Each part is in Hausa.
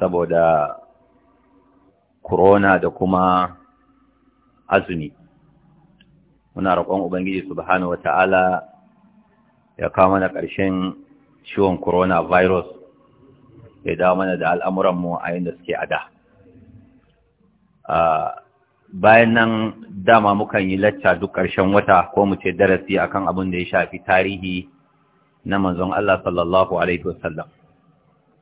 saboda corona da kuma azumi muna roƙon ubangiji subhanahu wata'ala ya kawo mana ƙarshen ciwon corona virus ya dawo mana da al'amuranmu a yadda suke ada. Ah, bayan nan dama mukan yi lacca duk ƙarshen wata ko mu ce darasi akan abin da ya shafi tarihi na manzon Allah sallallahu Alaihi wasallam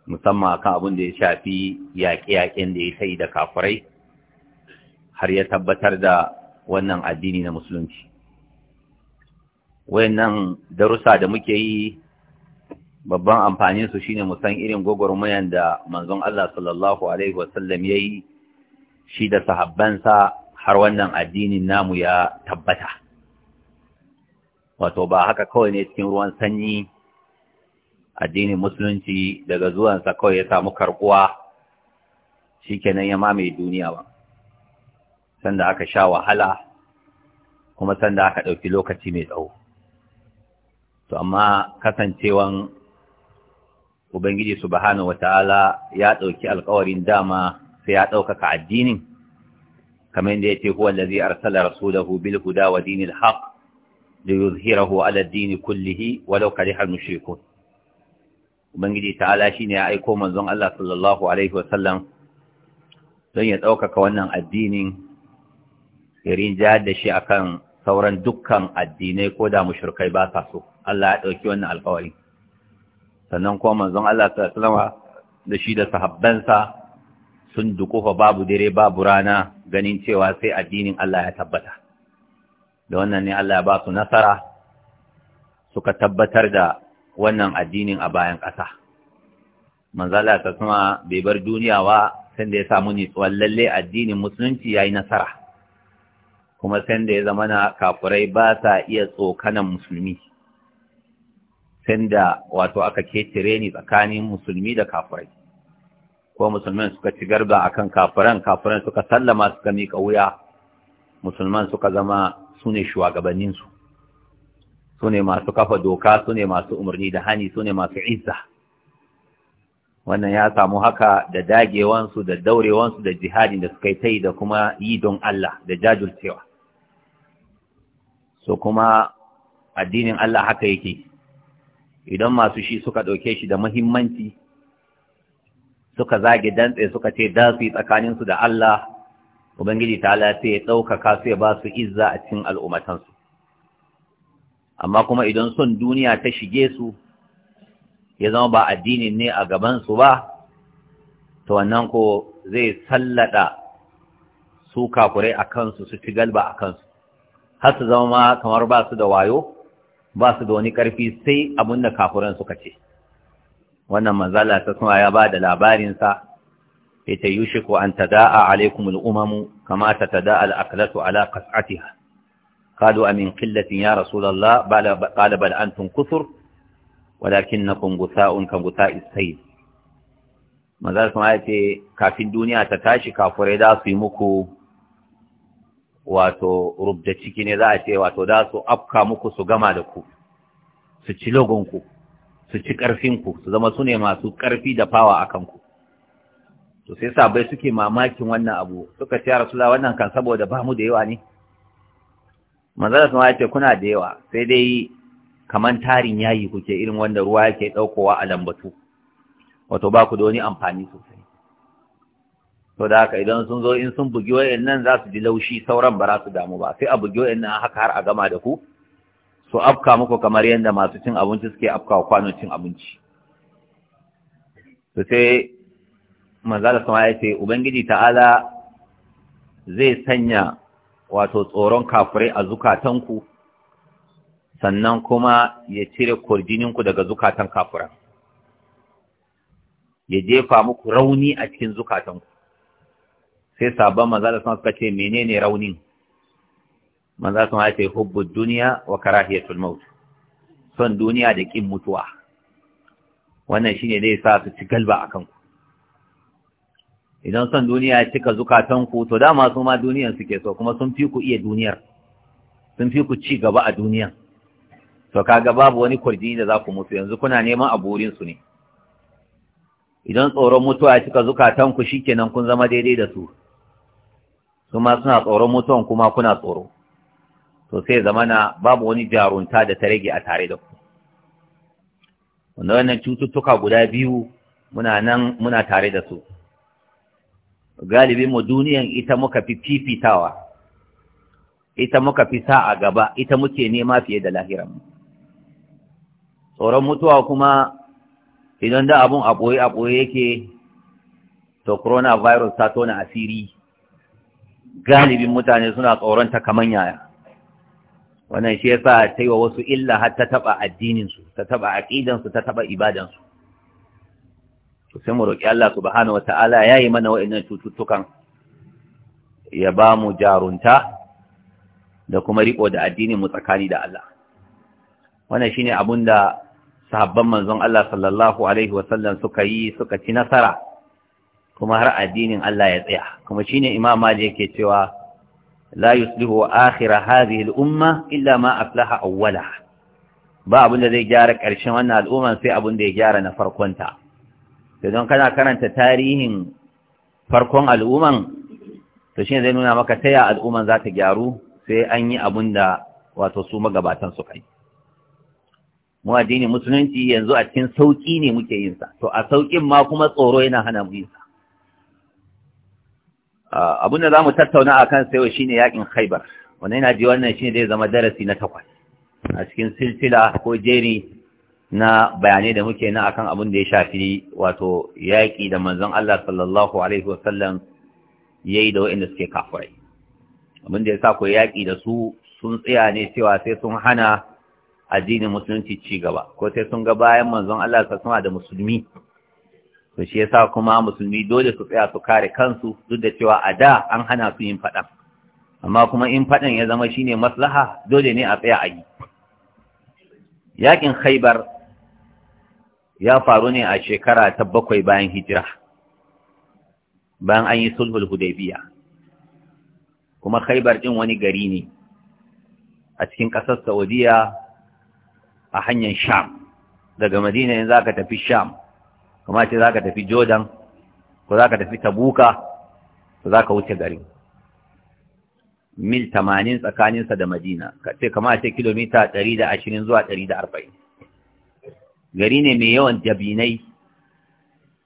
musamman akan abin da ya shafi yaƙe-yaƙen da ya sai da kafurai har ya tabbatar da wannan addini na musulunci wayannan darussa da muke yi babban amfanin su shine mu irin gwagwarmayan da manzon Allah sallallahu alaihi wasallam yayi shi da sahabbansa har wannan addinin namu ya tabbata wato ba haka kawai ne cikin ruwan sanyi addinin musulunci daga zuwansa kawai ya samu karbuwa shikenan ya mamaye duniya ba sanda aka sha wahala kuma sanda aka ɗauki lokaci mai tsawo to amma kasancewan ubangiji subhanahu wataala ya ɗauki alkawarin dama sai ya ɗaukaka addinin kamar yadda ce huwa zai arsala rasulahu bil huda wa dinil da yuzhirahu ala dini kullihi walau kariha mushrikun ubangiji ta'ala shine ya aiko manzon Allah sallallahu alaihi wasallam don ya ɗaukaka wannan addinin irin jihar da shi akan sauran dukkan addinai ko da mushrikai ba sa so Allah ya ɗauki wannan alkawari sannan kuma manzon Allah sallallahu da shi da sahabbansa sun dukufa babu dire, babu rana ganin cewa sai addinin Allah ya tabbata da wannan ne Allah ya ba su nasara suka tabbatar da wannan addinin a bayan ƙasa manzala ta kuma bai bar duniya wa sanda ya samu nitsuwan lalle addinin musulunci ya yi nasara kuma sanda ya zama na kafurai ba sa iya tsokanan musulmi sanda wato aka ketire ni tsakanin musulmi da kafurai ko musulman suka ci garba a kan kafuran kafuran suka sallama suka miƙa wuya musulman suka zama su ne shugabanninsu su ne masu kafa doka su ne masu umarni da hani su ne masu izza wannan ya samu haka da dagewansu da daurewansu da jihadin da suka yi ta yi da kuma yi don Allah da jajircewa so kuma addinin Allah haka yake idan masu shi suka ɗauke shi da muhimmanci suka zage dantse suka ce yi tsakaninsu da Allah Ubangiji ta sai ya ɗaukaka su ya ba su izza a cikin al'ummatansu amma kuma idan son duniya ta shige su ya zama ba addinin ne a gabansu ba to wannan ko zai sallada su kakurai a kansu su ci galba a kansu har su zama ma kamar ba su da wayo ba su da wani ƙarfi sai abin da kakuran suka ce wannan manzala ta suna ya ba da labarinsa ita yushiku an tada'a alaikumul umamu kamata ta tada'a al'akalatu ala kas'atiha قالوا أمن قلة يا رسول الله قال بل أنتم كثر ولكنكم غثاء كغثاء السيل manzar kuma ya kafin duniya ta tashi kafurai za su muku wato rubda ciki ne za a ce wato za su afka muku su gama da ku su ci logonku su ci ƙarfinku su zama su ne masu ƙarfi da fawa a kanku to sai sabai suke mamakin wannan abu suka ce rasula wannan kan saboda ba mu da yawa ne manzara sun ce kuna da yawa sai dai kamar tarin yayi kuke irin wanda ruwa yake ɗaukowa a lambatu wato ba ku da wani amfani sosai to da haka idan sun zo in sun bugi nan za su ji laushi sauran ba za su damu ba sai a bugi nan haka har a gama da ku su afka muku kamar yadda masu cin abinci suke afka kwanon cin abinci to sai manzara sun ce ubangiji ta'ala zai sanya wato tsoron kafirai a zukatanku sannan kuma ya cire kurjininku daga zukatan kafiran ya jefa muku rauni a cikin zukatanku sai sabon maza da suka ce menene raunin maza sun haife hubbun duniya wa karahiyatul maut son duniya da kin mutuwa wannan shine zai sa su ci galba a kanku. idan son duniya ya cika zukatanku to dama su ma duniyan suke so kuma sun fi ku iya duniyar sun fi ku ci gaba a duniyan to kaga babu wani kurdi da za ku mutu yanzu kuna neman aburin su ne idan tsoron mutuwa ya cika zukatanku shikenan kun zama daidai da su su ma suna tsoron mutuwan kuma kuna tsoro to sai zamana babu wani jarunta da ta rage a tare da ku wannan cututtuka guda biyu muna nan muna tare da su galibin mu duniyan ita muka fi fifitawa ita muka fi sa a gaba ita muke nema fiye da lahiran mu tsoron mutuwa kuma idan da abun a ɓoye a ɓoye yake to coronavirus ta tona asiri galibin mutane suna tsoron ta kaman yaya wannan shi yasa ta yi wa wasu illa har ta taɓa addininsu ta taɓa aƙidansu ta taɓa ibadansu to sai mu roki Allah subhanahu wata'ala ya yi mana wa'annan cututtukan ya ba mu jarunta da kuma riƙo da addinin mu tsakani da Allah wannan shine abun da sahabban manzon Allah sallallahu alaihi wasallam suka yi suka ci nasara kuma har addinin Allah ya tsaya kuma shine imam Malik yake cewa la yuslihu akhir hadhihi al-umma illa ma aflaha awwala ba abin da zai gyara ƙarshen wannan al'umma sai abin da ya gyara na farkonta da don kana karanta tarihin farkon al'umman to shi zai nuna maka taya al'umman za ta gyaru sai an yi abin da wato su magabatan su kai mu addini musulunci yanzu a cikin sauƙi ne muke yin sa to a sauƙin ma kuma tsoro yana hana mu yin sa abin da zamu tattauna akan sai ne yakin Khaibar wannan yana ji wannan shi zai zama darasi na takwas a cikin silsila ko jeri na bayanai da muke na akan abin da ya shafi wato yaƙi da manzon Allah sallallahu alaihi wasallam yayi da waɗanda suke kafirai abin da ya sa ku yaƙi da su sun tsaya ne cewa sai sun hana addinin musulunci ci gaba ko sai sun ga bayan manzon Allah sallallahu alaihi da musulmi to shi yasa kuma musulmi dole su tsaya su kare kansu duk da cewa a da an hana su yin faɗan amma kuma in faɗan ya zama shine maslaha dole ne a tsaya a yi yaƙin khaibar ya faru ne a shekara ta bakwai bayan hijira bayan an yi sulhul hudaybiya kuma khaibar din wani gari ne a cikin ƙasar saudiya a hanyar sham daga madina yanzu za ka tafi sham kuma ce za ka tafi jordan ko za ka tafi tabuka ko za ka wuce garin mil tamanin tsakaninsa da madina kace kama ce kilomita ɗari da ashirin zuwa ɗari da arba'in. gari ne mai yawan dabinai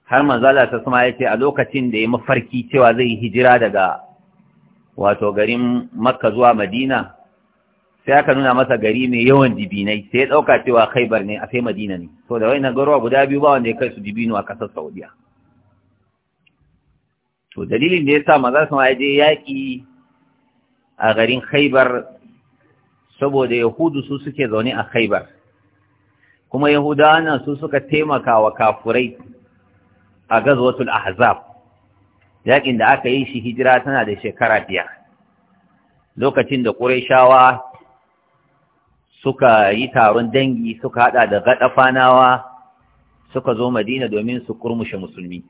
har manzala ta sama ya ce a lokacin da ya mafarki cewa zai yi hijira daga wato garin makka zuwa madina sai aka nuna masa gari mai yawan dibinai sai ya ɗauka cewa khaibar ne a sai madina ne so da wainan garuwa guda biyu ba wanda ya kai su jibinu a ƙasar saudiya to dalilin da ya sa maza sama ya je yaƙi a garin khaibar saboda yahudu su suke zaune a khaibar kuma yahudawa nan su suka taimaka wa kafurai a gazwatul ahzab yakin da aka yi shi hijira tana da shekara biyar lokacin da ƙurashawa suka yi taron dangi suka hada da gadafanawa suka zo madina domin su kurmushe musulmi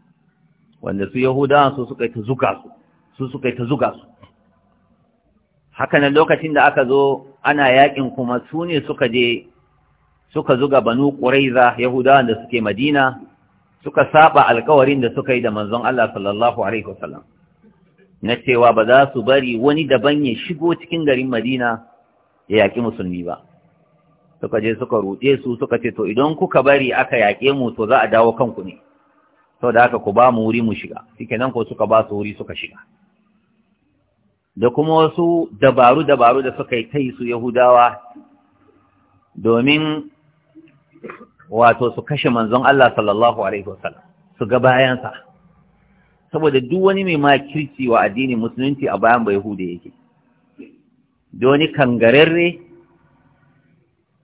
wanda su yahudawa su suka yi ta zuga su su suka ta zuga su haka nan lokacin da aka zo ana yakin kuma su ne suka je suka zuga banu ƙuraiza Yahudawa da suke madina suka saba alkawarin da suka yi da manzon Allah sallallahu alaihi wasallam na cewa ba za su bari wani daban ya shigo cikin garin madina ya yaƙi musulmi ba suka je suka ruɗe su suka ce to idan kuka bari aka yaƙe mu to za a dawo kanku ne da haka ku ba mu wuri mu shiga nan ko suka ba su wuri suka shiga da kuma wasu dabaru dabaru da suka yi ta su yahudawa domin wato su kashe manzon Allah sallallahu alaihi wasallam su ga bayansa saboda duk wani mai makirci wa addini musulunci a bayan bai hude yake da wani kangararre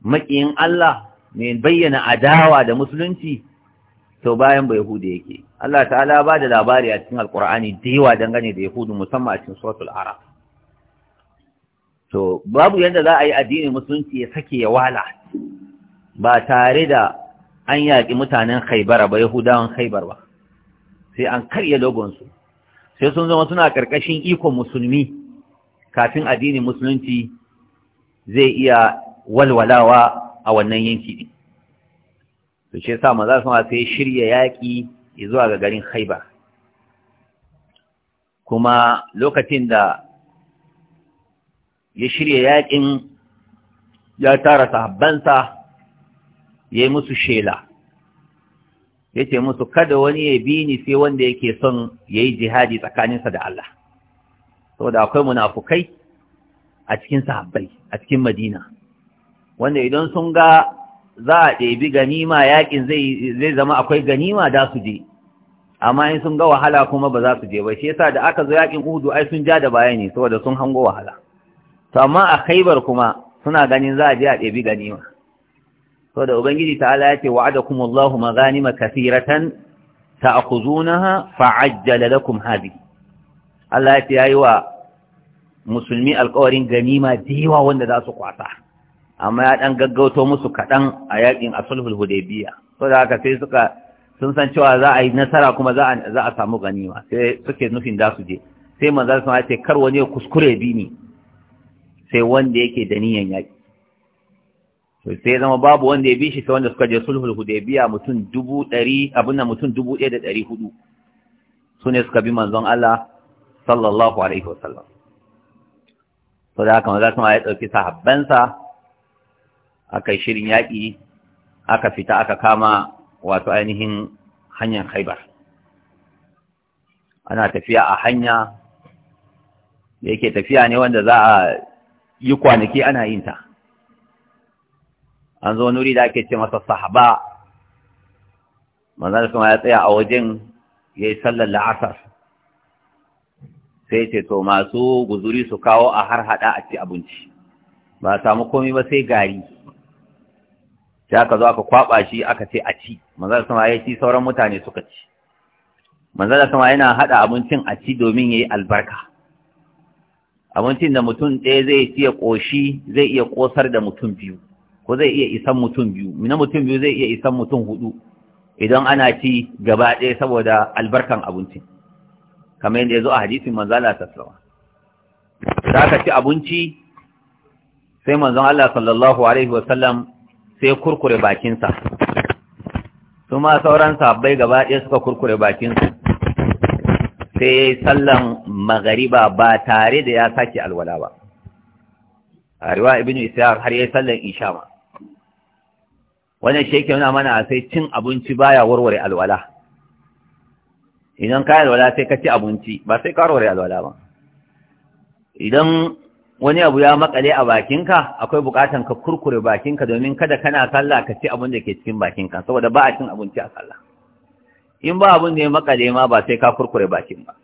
makiyin Allah mai bayyana adawa da musulunci to bayan bai hude yake Allah ta'ala ba da labari a cikin alƙurani da yawa dangane da yahudu musamman a cikin suratul arab to babu yadda za a yi addinin musulunci ya sake ya wala ba tare da an yaƙi mutanen haibara ba yahudawan haibar ba sai an karya logonsu sai sun zama suna ƙarƙashin ikon musulmi kafin addinin musulunci zai iya walwalawa a wannan yanki ne to shi yasa maza sun sai shirya yaƙi zuwa ga garin haibar kuma lokacin da ya shirya yaƙin ya tara sahabbansa ya yi musu shela ya ce musu kada wani ya bi ni sai wanda yake son ya yi jihadi tsakaninsa da Allah saboda akwai munafukai a cikin sahabbai a cikin madina wanda idan sun ga za a ɗebi ganima yakin zai zama akwai ganima da su je amma in sun ga wahala kuma ba za su je ba shi yasa da aka zo yakin uhudu ai sun ja da baya ne saboda sun hango wahala to amma a kaibar kuma suna ganin za a je a ɗebi ganima to da ubangiji ta'ala ya ce wa'adakum Allahu maghanima kathiratan ta'khuzunaha fa'ajjala lakum hadhihi Allah ya ce wa musulmi alƙawarin ganima diwa wanda za su kwasa amma ya dan gaggauto musu kadan a yakin asulhul hudaybiya to da haka sai suka sun san cewa za a yi nasara kuma za a za a samu ganima sai suke nufin da su je sai manzo sun ce kar wani kuskure bi ni sai wanda yake da niyan yaki to sai zama babu wanda ya bi shi ta wanda suka je sulhu hudaybiya mutum dubu ɗari abin nan mutum dubu ɗaya da ɗari hudu su suka bi manzon Allah sallallahu alaihi wasallam to da haka manzon Allah ya ɗauki sahabbansa aka yi shirin yaki aka fita aka kama wato ainihin hanyar khaibar ana tafiya a hanya yake tafiya ne wanda za a yi kwanaki ana yin ta an zo nuri da ake ce masa sahaba manzan kuma ya tsaya a wajen ya yi sallar la'asar sai ce to masu guzuri su kawo a har hada a ci abinci ba samu komi ba sai gari sai aka zo aka kwaba shi aka ce a ci manzan kuma ya ci sauran mutane suka ci manzan kuma yana hada abincin a ci domin ya yi albarka abincin da mutum ɗaya zai iya ƙoshi zai iya ƙosar da mutum biyu ko zai iya isan mutum biyu na mutum biyu zai iya isan mutum hudu idan ana ci gaba ɗaya saboda albarkan abinci kamar yadda ya zo a hadisin manzala sassawa za ka ci abinci sai manzon Allah sallallahu alaihi wasallam sai kurkure bakinsa su ma sauran sabbai gaba ɗaya suka kurkure bakinsu sai sallan magariba ba tare da ya sake alwala ba a riwa ibn isa'ar har ya sallan isha ma wannan shi yake nuna mana sai cin abinci baya warware alwala idan ka alwala sai ka ci abinci ba sai ka warware alwala ba idan wani abu ya makale a bakinka akwai bukatan ka kurkure bakinka domin kada kana sallah ka ci abin da ke cikin bakinka saboda ba a cin abinci a sallah in ba abin da ya makale ma ba sai ka kurkure bakin ba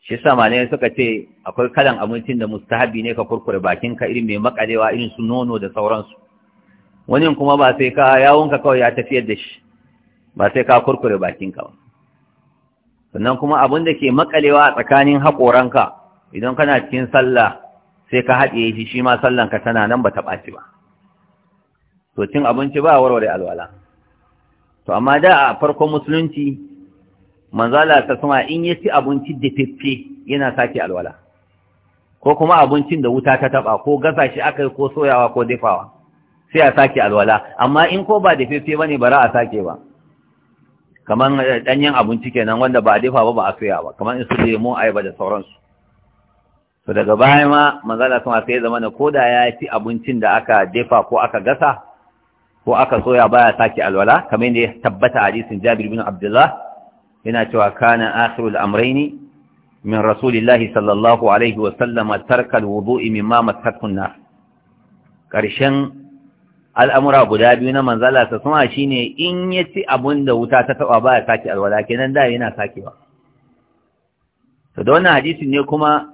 shi sama ne suka ce akwai kalan abincin da mustahabi ne ka kurkure bakinka irin mai makalewa irin su nono da sauransu wani kuma ba sai ka yawonka kawai ya tafiyar da shi ba sai ka kurkure bakinka ba sannan kuma abin da ke makalewa a tsakanin haƙoranka idan kana cikin sallah sai ka haɗiye shi shi ma sallanka tana nan ba ta ɓaci ba to cin abinci ba warware alwala to amma da a farkon musulunci manzala ta suma in ya ci abinci da fiffe yana sake alwala ko kuma abincin da wuta ta taba ko gasa shi aka yi ko soyawa ko dafawa sai a sake alwala amma in ko ba da dafefe bane bara a sake ba kaman danyen eh, abinci kenan wanda ba a dafa ba ba a soya ba kaman su lemo ayaba da sauransu to daga baya ma manzala sun sai zamana ko da ya ci abincin da aka dafa ko aka gasa ko aka soya baya sake alwala kamar yadda ya tabbata hadisin Jabir bin Abdullah yana cewa kana akhirul amrayni من رسول الله صلى الله عليه وسلم ترك الوضوء مما مسحته النار ƙarshen al'amura guda biyu na manzala ta suna shi ne in ya ci abin da wuta ta taɓa ba ya sake alwala kenan da yana sakewa to da wannan hadisi ne kuma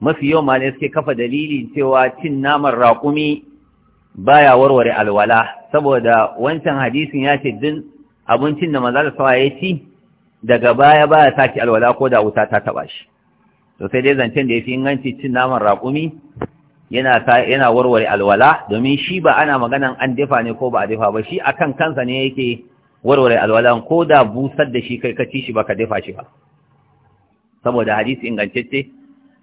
mafi yau ma ne suke kafa dalili cewa cin naman raƙumi baya warware alwala saboda wancan hadisin ya ce din abincin da manzala sawa ya ci daga baya baya sake alwala ko da wuta ta taɓa shi to sai dai zancen da ya fi inganci cin naman raƙumi yana ta yana warware alwala domin shi ba ana maganan an dafa ne ko ba a dafa ba shi akan kansa ne yake warware alwalan ko da busar da shi kai ka ci shi baka dafa shi ba saboda hadisi ingantacce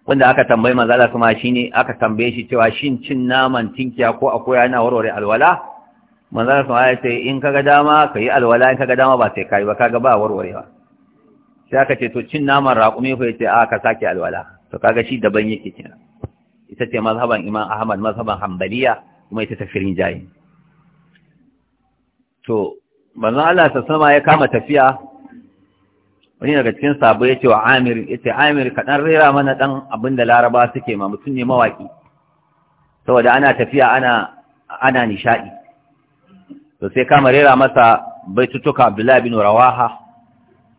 wanda aka tambayi manzala kuma shine aka tambaye shi cewa shin cin naman tinkiya ko akwai yana warware alwala manzala kuma ya ce in kaga dama ka yi alwala in kaga dama ba sai kai ba kaga ba warwarewa sai aka ce to cin naman raƙumi ko ya ce a ka sake alwala to kaga shi daban yake kenan ita ce mazhaban Imam Ahmad mazhaban Hanbaliya kuma ita tafirin jayi to manzon Allah ta sama ya kama tafiya wani daga cikin sabo ya wa Amir yace Amir ka dan rera mana dan abinda Laraba suke ma mutum ne mawaki saboda ana tafiya ana ana nishadi to sai kama rera masa baitutuka Abdullah bin Rawaha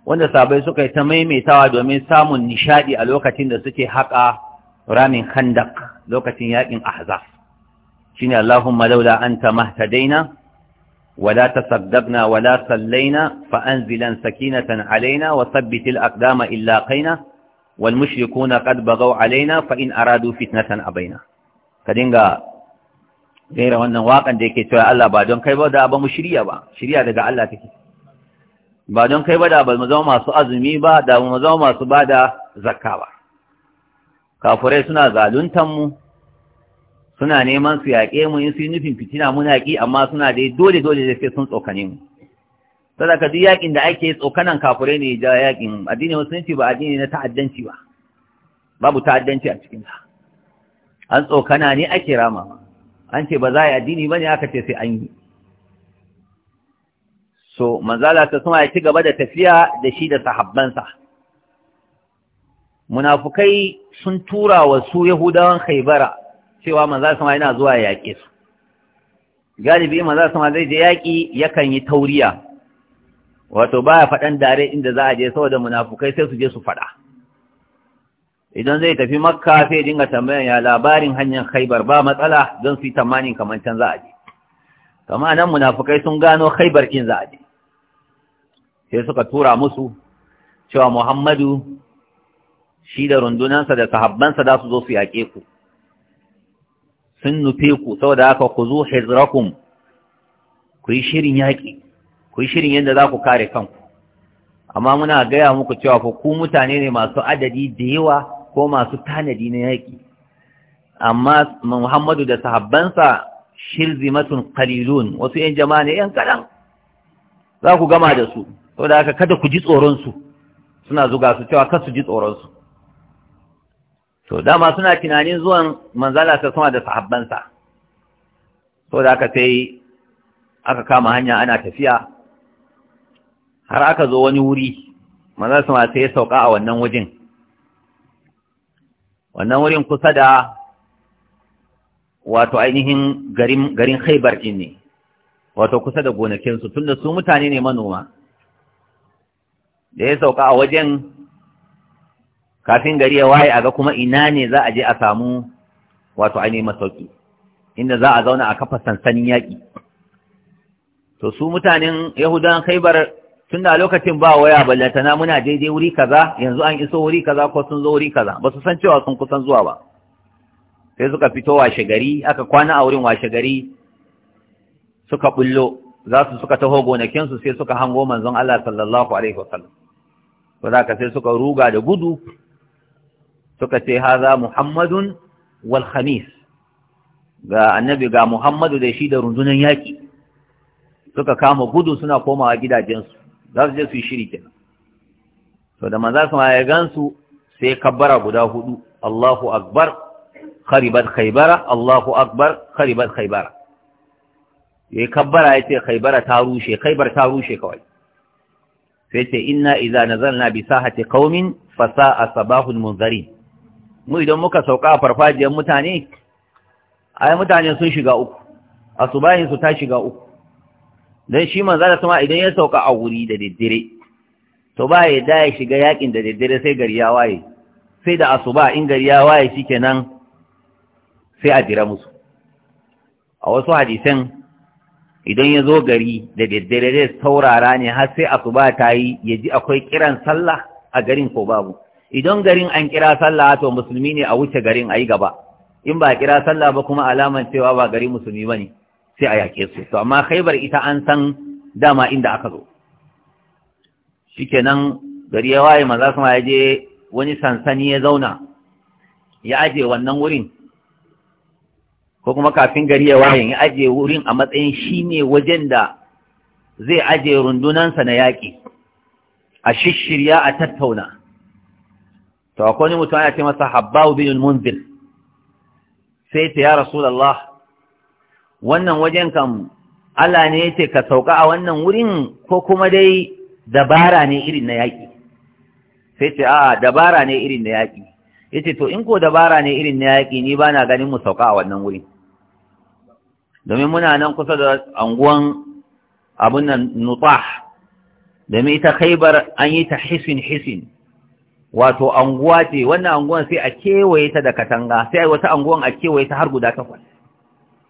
wanda sabai suka yi ta maimaitawa domin samun nishadi a lokacin da suke haƙa ramin khandaq lokacin yakin ahzab shine allahumma laula anta mahtadaina ولا تصدقنا ولا صلينا فأنزلا سكينة علينا وثبت الأقدام إلا قينا والمشركون قد بغوا علينا فإن أرادوا فتنة أبينا كدينغا غير wannan waƙan da yake cewa Allah ba don kai ba da ba mu shirya ba Shiriya daga Allah take ba don kai ba da ba mu zama masu azumi ba da mu zama masu bada zakka ba kafurai suna zaluntanmu suna neman su yaƙe mu in su yi nufin fitina muna ƙi amma suna dai dole dole da sai sun tsokane mu sadaka duk yaƙin da ake tsokanan kafurai ne da yaƙin addinin musulunci ba addini na ta'addanci ba babu ta'addanci a cikin sa an tsokana ne ake rama an ce ba za a yi addini ba ne aka ce sai an yi so manzala ta suna ya ci gaba da tafiya da shi da sahabbansa munafukai sun tura wa su yahudawan khaibara cewa manza sama yana zuwa ya su galibi manza sama zai je yaƙi yakan yi tauriya wato baya faɗan dare inda za a je saboda munafukai sai su je su faɗa idan zai tafi makka sai dinga tambayan ya labarin hanyar khaibar ba matsala don su yi tamanin kamar can za a je kama nan munafukai sun gano khaibar kin za a je sai suka tura musu cewa muhammadu shi da rundunansa da sahabbansa za su zo su yaƙe ku sun nufe ku saboda haka ku zo hezrakum ku yi shirin yaƙi ku yi shirin yadda za ku kare kanku amma muna gaya muku cewa fa ku mutane ne masu adadi da yawa ko masu tanadi na yaƙi amma muhammadu da sahabbansa shirzimatun kalilun wasu 'yan jama'a ne 'yan kaɗan za ku gama da su saboda haka kada ku ji tsoronsu suna zuga su cewa kar su ji tsoronsu to dama suna tunanin zuwan manzala ta sama da sahabbansa to da aka sai aka kama hanya ana tafiya har aka zo wani wuri manzala sama sai ya sauka a wannan wajen wannan wurin kusa da wato ainihin garin garin ɗin ne wato kusa da gonakinsu da su mutane ne manoma da ya sauka a wajen kafin gari ya waye a ga kuma ina ne za a je a samu wato ainihin masauki inda za a zauna a kafa sansanin yaƙi to su mutanen yahudan khaibar tun da lokacin ba waya na muna daidai wuri kaza yanzu an iso wuri kaza ko sun zo wuri kaza ba su san cewa sun kusan zuwa ba sai suka fito washe gari aka kwana a wurin washe gari suka bullo za su suka taho gonakinsu sai suka hango manzon Allah sallallahu alaihi wasallam ko za ka sai suka ruga da gudu suka ce haza muhammadun wal khamis ga annabi ga muhammadu da shi da rundunan yaƙi suka kama gudu suna komawa gidajensu za su je su yi shiri kenan to da manzo su ya gansu sai kabbara guda hudu Allahu akbar kharibat khaybara Allahu akbar kharibat khaybara yayi kabbara yace khaybara ta rushe khaybar ta rushe kawai sai ce inna idza nazalna bi sahati qaumin fa sa'a sabahul munzarin. mu idan muka sauka a farfajiyar mutane ai mutane sun shiga uku a su ta shiga uku Don shi man zata suma idan ya sauka a wuri da daddare to ba ya da ya shiga yakin da daddare sai gari ya waye sai da asuba in gari ya waye nan sai a jira musu a wasu hadisan idan ya zo gari da daddare zai saurara ne har sai asuba ta yi ya ji akwai kiran sallah a garin ko babu idan garin an kira sallah to musulmi ne a wuce garin ayi gaba in ba kira sallah ba kuma alaman cewa ba gari musulmi bane sai a yake su to amma khaybar ita an san dama inda aka zo shikenan gari ya waye maza kuma ya je wani sansani ya zauna ya aje wannan wurin ko kuma kafin gari ya waye ya aje wurin a matsayin shine wajen da zai aje rundunansa na yaƙi a shishirya a tattauna to akwai wani mutum ana ce masa habbabu bin munzir sai ta ya rasulullah wannan wajen kam Allah ne ya ce ka sauka a wannan wurin ko kuma dai dabara ne irin na yaƙi sai ce a'a dabara ne irin na yaƙi Ya ce to in ko dabara ne irin na yaƙi ni ba na ganin mu sauka a wannan wurin domin muna nan kusa da anguwan abun nan nutah domin ita khaibar an yi ta hisin hisin wato anguwa ce wannan anguwan sai a kewaye ta da katanga sai wata anguwan a kewaye ta har guda takwas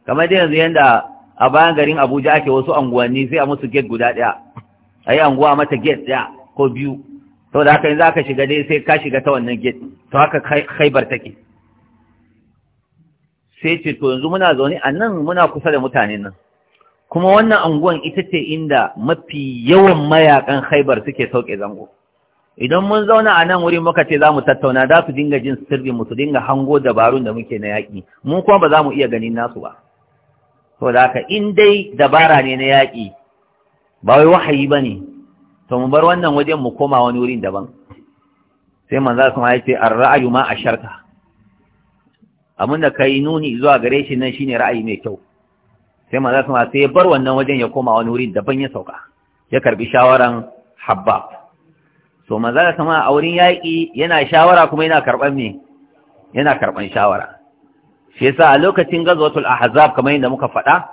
kamar dai yanzu yanda a bayan garin abuja ake wasu anguwanni sai a musu gate guda ɗaya a yi anguwa mata gate ɗaya ko biyu sau da haka yanzu aka shiga dai sai ka shiga ta wannan gate to haka haibar take sai ce to yanzu muna zaune a nan muna kusa da mutane nan kuma wannan anguwan ita ce inda mafi yawan mayakan haibar suke sauke zango idan mun zauna a nan wuri muka ce za mu tattauna za su dinga jin sirri mu su dinga hango dabarun da muke na yaƙi mu kuma ba za mu iya ganin nasu ba da haka in dai dabara ne na yaƙi ba wai wahayi ba ne to mu bar wannan wajen mu koma wani wurin daban sai manzo kuma ya ce ar-ra'yu ma asharka abinda kai nuni zuwa gare shi nan shine ra'ayi mai kyau sai manzo kuma sai bar wannan wajen ya koma wani wurin daban ya sauka ya karbi shawaran habbab to ya sama a wurin yaƙi yana shawara kuma yana karɓan me yana karɓan shawara shi yasa a lokacin gazwatul ahzab kamar yadda muka faɗa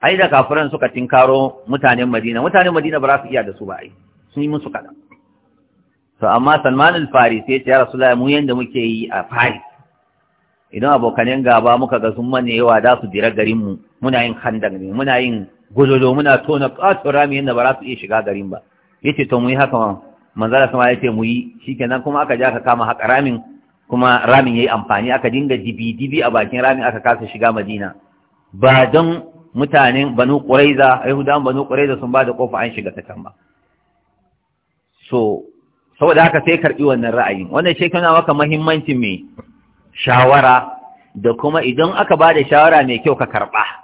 ai da kafiran suka tinkaro mutanen Madina mutanen Madina ba za su iya da su ba ai sun yi musu kada to amma Salman al-Farisi ya ce ya Rasulullahi mu yanda muke yi a Faris idan abokanen gaba muka ga sun mane yawa za su garin garinmu muna yin handan ne muna yin gudulo muna tona katsura mu yadda ba za su iya shiga garin ba yace to mu yi haka manzara sama yace mu yi shikenan kuma aka ja ka kama haka ramin kuma ramin yayi amfani aka dinga dibi dibi a bakin ramin aka kasa shiga Madina ba don mutanen Banu qurayza Yahudan Banu qurayza sun bada kofa an shiga ta ba so saboda haka sai karbi wannan ra'ayin wannan shi kana maka muhimmancin me shawara da kuma idan aka ba da shawara mai kyau ka karba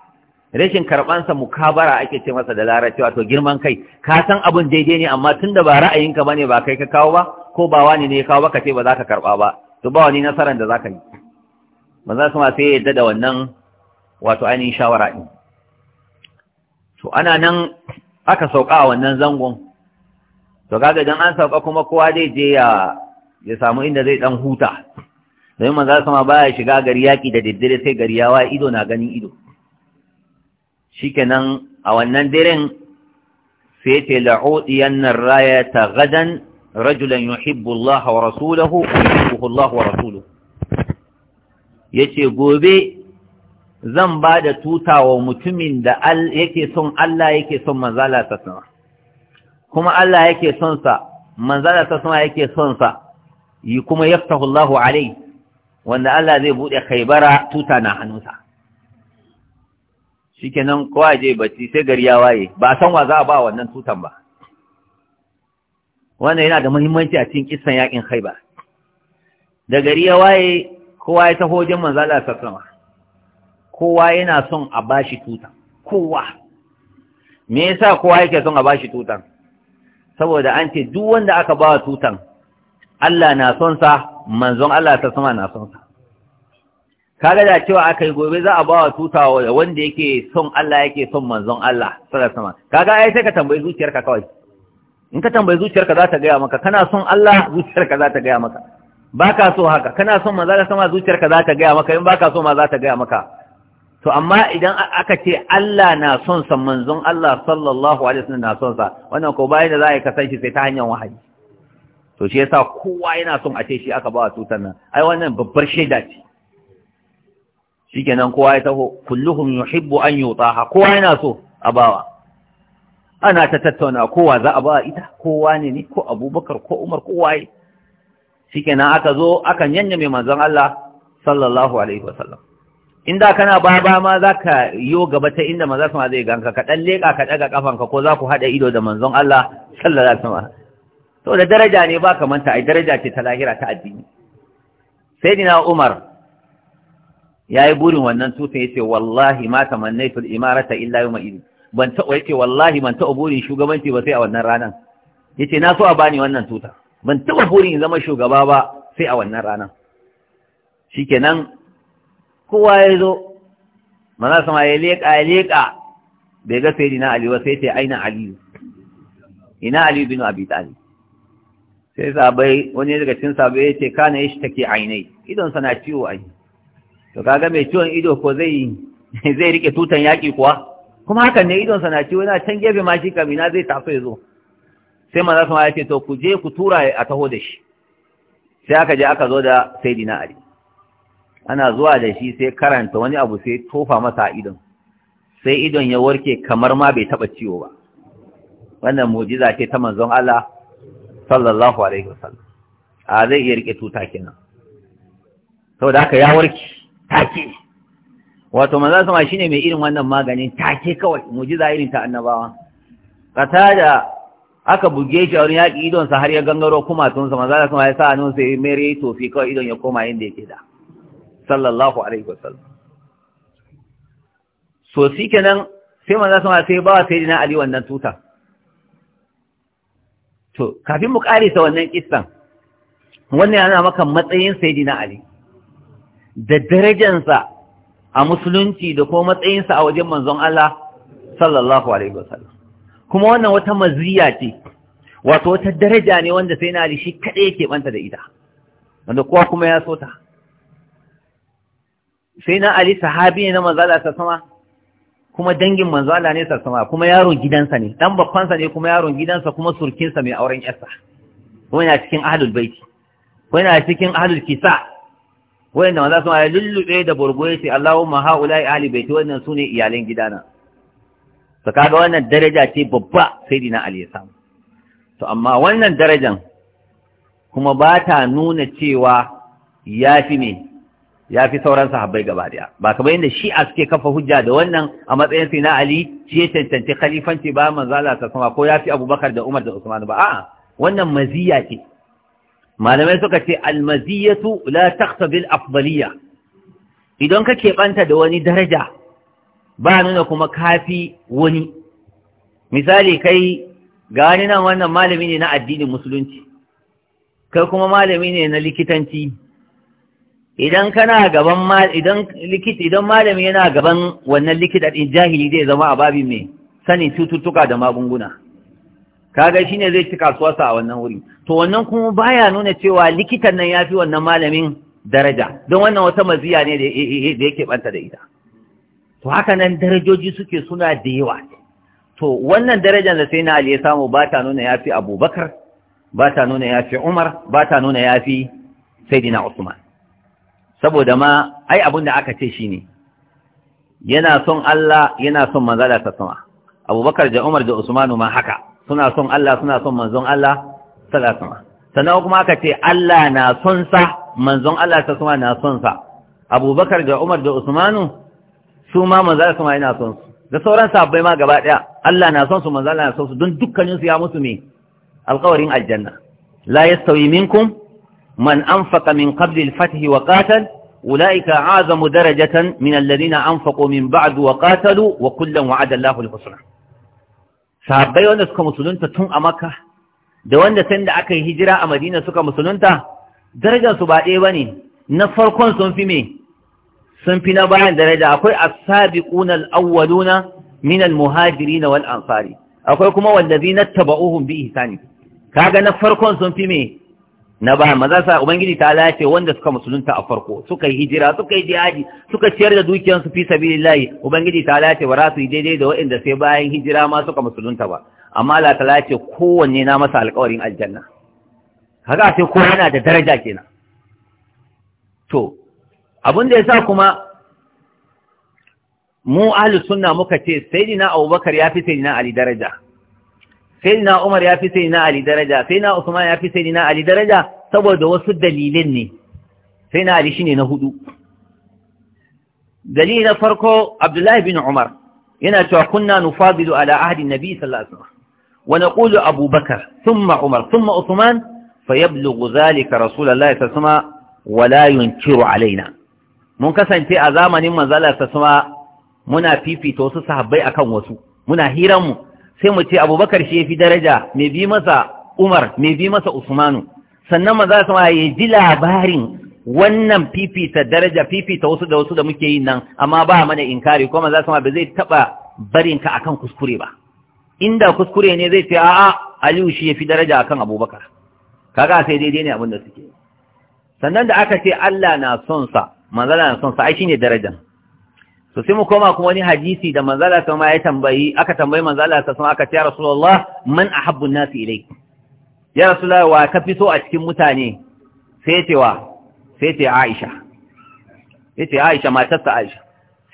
rashin karɓansa mukabara ake ce masa da larabci wato girman kai ka san abin daidai ne amma tun da ba ra'ayinka ba ne ba kai ka kawo ba ko ba wani ne ya kawo ba ka ce ba za ka karɓa ba to ba wani nasarar da za ka yi maza su masu yadda da wannan wato ainihin shawara ɗin to ana nan aka sauka a wannan zangon to kaga idan an sauka kuma kowa zai je ya ya samu inda zai dan huta don manzo sama baya shiga gari yaki da daddare sai gari ya wa ido na ganin ido shikenan a wannan diren sai ce la'udiyan nan raya ta gadan rajulan yuhibbu Allah wa rasulahu yuhibbu Allah wa rasuluhu yace gobe zan ba da tutawa mutumin da yake son Allah yake son manzala ta sama kuma Allah yake son sa manzala ta sama yake son sa yi kuma yaftahu Allahu alai wanda Allah zai bude khaybara tuta na hannunsa nan kowa je bacci sai gari ya waye ba san wa za a ba wannan tutan ba wannan yana da muhimmanci a cikin kissan yakin Khaibar da gari ya waye kowa ya taho wajen manzo Allah sallallahu kowa yana son a ba shi tutan kowa me yasa kowa yake son a ba shi tutan saboda an ce duk wanda aka bawa tutan Allah na son sa manzon Allah ta sama na son sa kaga da cewa aka yi gobe za a ba wa tuta wanda yake son Allah yake son manzon Allah sallallahu alaihi wasallam kaga ai sai ka tambayi zuciyarka kawai in ka tambayi zuciyarka za ta gaya maka kana son Allah zuciyarka za ta gaya maka baka so haka kana son manzon Allah sama zuciyarka za ta gaya maka in baka so ma za ta gaya maka to amma idan aka ce Allah na son sa manzon Allah sallallahu alaihi wasallam na son sa wannan ko bai da za a kasance sai ta hanyar wahayi to shi yasa kowa yana son a ce shi aka ba wa tutar nan ai wannan babbar shaida ce nan kowa ya taho kulluhum yuhibbu an yutaha kowa yana so a bawa ana ta tattauna kowa za a bawa ita kowa ne ne ko Abubakar ko Umar ko waye shikenan aka zo akan mai manzon Allah sallallahu alaihi wasallam inda kana baba ma zaka yo gaba ta inda manzon sama zai ganka ka dan leka ka daga kafanka ko za ku hada ido da manzon Allah sallallahu alaihi wasallam to da daraja ne ba manta ai daraja ce ta lahira ta addini sayyidina Umar Ya yi burin wannan tutan ce wallahi ma tamannaitu al-imarata illa yawma idin ban ta ce wallahi ban ta burin shugabanci ba sai a wannan ranan yace na so a bani wannan tuta ban ta burin in zama shugaba ba sai a wannan ranan shikenan kowa ya zo mana sama ya leka ya leka bai ga sayyidina Ali ba sai ce aina Ali ina Ali bin Abi Talib sai sabai wani daga cikin sabai yace kana yashi take ainai idan sana ciwo ai to kaga mai ciwon ido ko zai zai rike tutan yaki kuwa kuma hakan ne idon sa na ciwo yana can gefe ma shi kamina zai taso ya zo sai manzo sun ya ce to ku je ku tura a taho da shi sai aka je aka zo da saidina ali ana zuwa da shi sai karanta wani abu sai tofa masa a idon sai idon ya warke kamar ma bai taba ciwo ba wannan mujiza ce ta manzon Allah sallallahu alaihi wasallam a zai iya rike tuta kenan saboda haka ya warke take wato manzo sama shine mai irin wannan maganin take kawai mujiza irin ta annabawa kata da aka buge shi a wurin yaƙi idon sa har ya gangaro sa, manzo sama ya sa hannun sai mere tofi kawai idon ya koma inda yake da sallallahu alaihi wasallam so shi kenan sai manzo sama sai ba sai dina ali wannan tuta to kafin mu ta wannan kissan wannan yana maka matsayin sayyidina ali da darajansa a musulunci da kuma matsayinsa a wajen manzon Allah sallallahu alaihi wasallam kuma wannan wata maziya ce wato wata daraja ne wanda sai na ali shi kaɗai yake banta da ita wanda kowa kuma ya so ta sai na ali sahabi ne na manzala ta sama kuma dangin manzala ne sassama kuma yaron gidansa ne dan sa ne kuma yaron gidansa kuma surkinsa mai auren yarsa kuma yana cikin ahlul baiti kuma yana cikin ahlul kisa wayanda manzo sun ya lullube da burgo yace Allahumma ha'ula ahli baiti wannan ne iyalan gidana to kaga wannan daraja ce babba sai dina Ali ya samu to amma wannan darajan kuma ba ta nuna cewa ya fi ne ya fi sauran sahabbai gaba daya ba kamar yadda shi a suke kafa hujja da wannan a matsayin sai na Ali shi ya cancanci khalifanci ba manzo ta ko ya fi Abubakar da Umar da Usman ba a'a wannan maziya ce malamai suka ce almaziyatu la taqtabil afdaliya idan kake banta da wani daraja ba nuna kuma kafi wani misali kai ga wani nan wannan malami ne na addinin musulunci kai kuma malami ne na likitanci idan kana gaban idan likita idan malami yana gaban wannan likita din jahili zai zama a babin mai sanin cututtuka da magunguna kaga shine zai ci kasuwarsa a wannan wuri to wannan kuma baya nuna cewa likitan nan ya fi wannan malamin daraja don wannan wata maziya ne da yake banta da ita to haka nan darajoji suke suna da yawa to wannan darajar da sai na Ali ya samu ba ta nuna ya fi Abubakar ba ta nuna ya fi Umar ba ta nuna ya fi Saidina Usman saboda ma ai abin da aka ce shi ne. yana son Allah yana son manzala ta sama Abubakar da Umar da Usmanu ma haka suna son Allah suna son manzon Allah sallallahu sannan kuma aka ce Allah na son sa manzon Allah ta na son sa Abubakar da Umar da Usmanu su ma manzon Allah yana son su da sauran sabbai ma gaba daya Allah na son su manzon Allah na son su don dukkanin su ya musu me alƙawarin aljanna la yastawi minkum man anfaqa min qabli al-fath wa qatal أولئك أعظم درجة min الذين أنفقوا من wa kullan وكلا وعد الله الحسنى sahabbai wanda suka musulunta tun a Makka. da wanda sanda aka yi hijira a madina suka musulunta darajar ba ɗaya ne. na farkon sun fi me sun fi na bayan daraja akwai as-sabiquna al-awwaluna min al na wal ansari akwai kuma wallazina tabauhum bi ihsani kaga na farkon sun fi me na bayan maza sa ubangiji ta lace wanda suka musulunta a farko suka yi hijira suka yi jihadi suka ciyar da dukiyansu fi sabilillahi ubangiji ta lace ba za su yi daidai da waɗanda sai bayan hijira ma suka musulunta ba amma Allah ta ce kowanne na masa alƙawarin aljanna Haka sai ko yana da daraja kenan to abin da ya sa kuma mu ahli sunna muka ce sayyidina Abubakar ya fi sayyidina Ali daraja sayyidina Umar ya fi sayyidina Ali daraja sayyidina Usman ya fi sayyidina Ali daraja saboda wasu dalilin ne na Ali shine na hudu dalili na farko Abdullahi bin Umar yana cewa kunna nufadilu ala ahdi nabi sallallahu alaihi wasallam ونقول أبو Abubakar, ثم عمر ثم عثمان فيبلغ ذلك رسول الله صلى الله عليه وسلم ولا ينكر mun kasance a zamanin manzalar ta muna fifita wasu sahabbai akan wasu muna hiran mu sai mu ce abubakar shi yafi daraja me bi masa umar me bi masa usmanu sannan manzalar ya ji labarin wannan fifita daraja fifita wasu da wasu da muke yi nan amma ba mana inkari ko manzalar sama ba zai taba a kan kuskure ba inda kuskure ne zai ce a'a aliyu shi ya fi daraja akan abubakar kaga sai daidai ne abin da suke sannan da aka ce Allah na son sa manzala na son sa ai ne darajan Su sai mu koma kuma wani hadisi da manzala sama ya tambayi aka tambayi manzala sa sama aka ce ya rasulullah man a an-nas ilai. ya rasulullah wa ka fi so a cikin mutane sai ce wa sai ce Aisha ce Aisha matarsa Aisha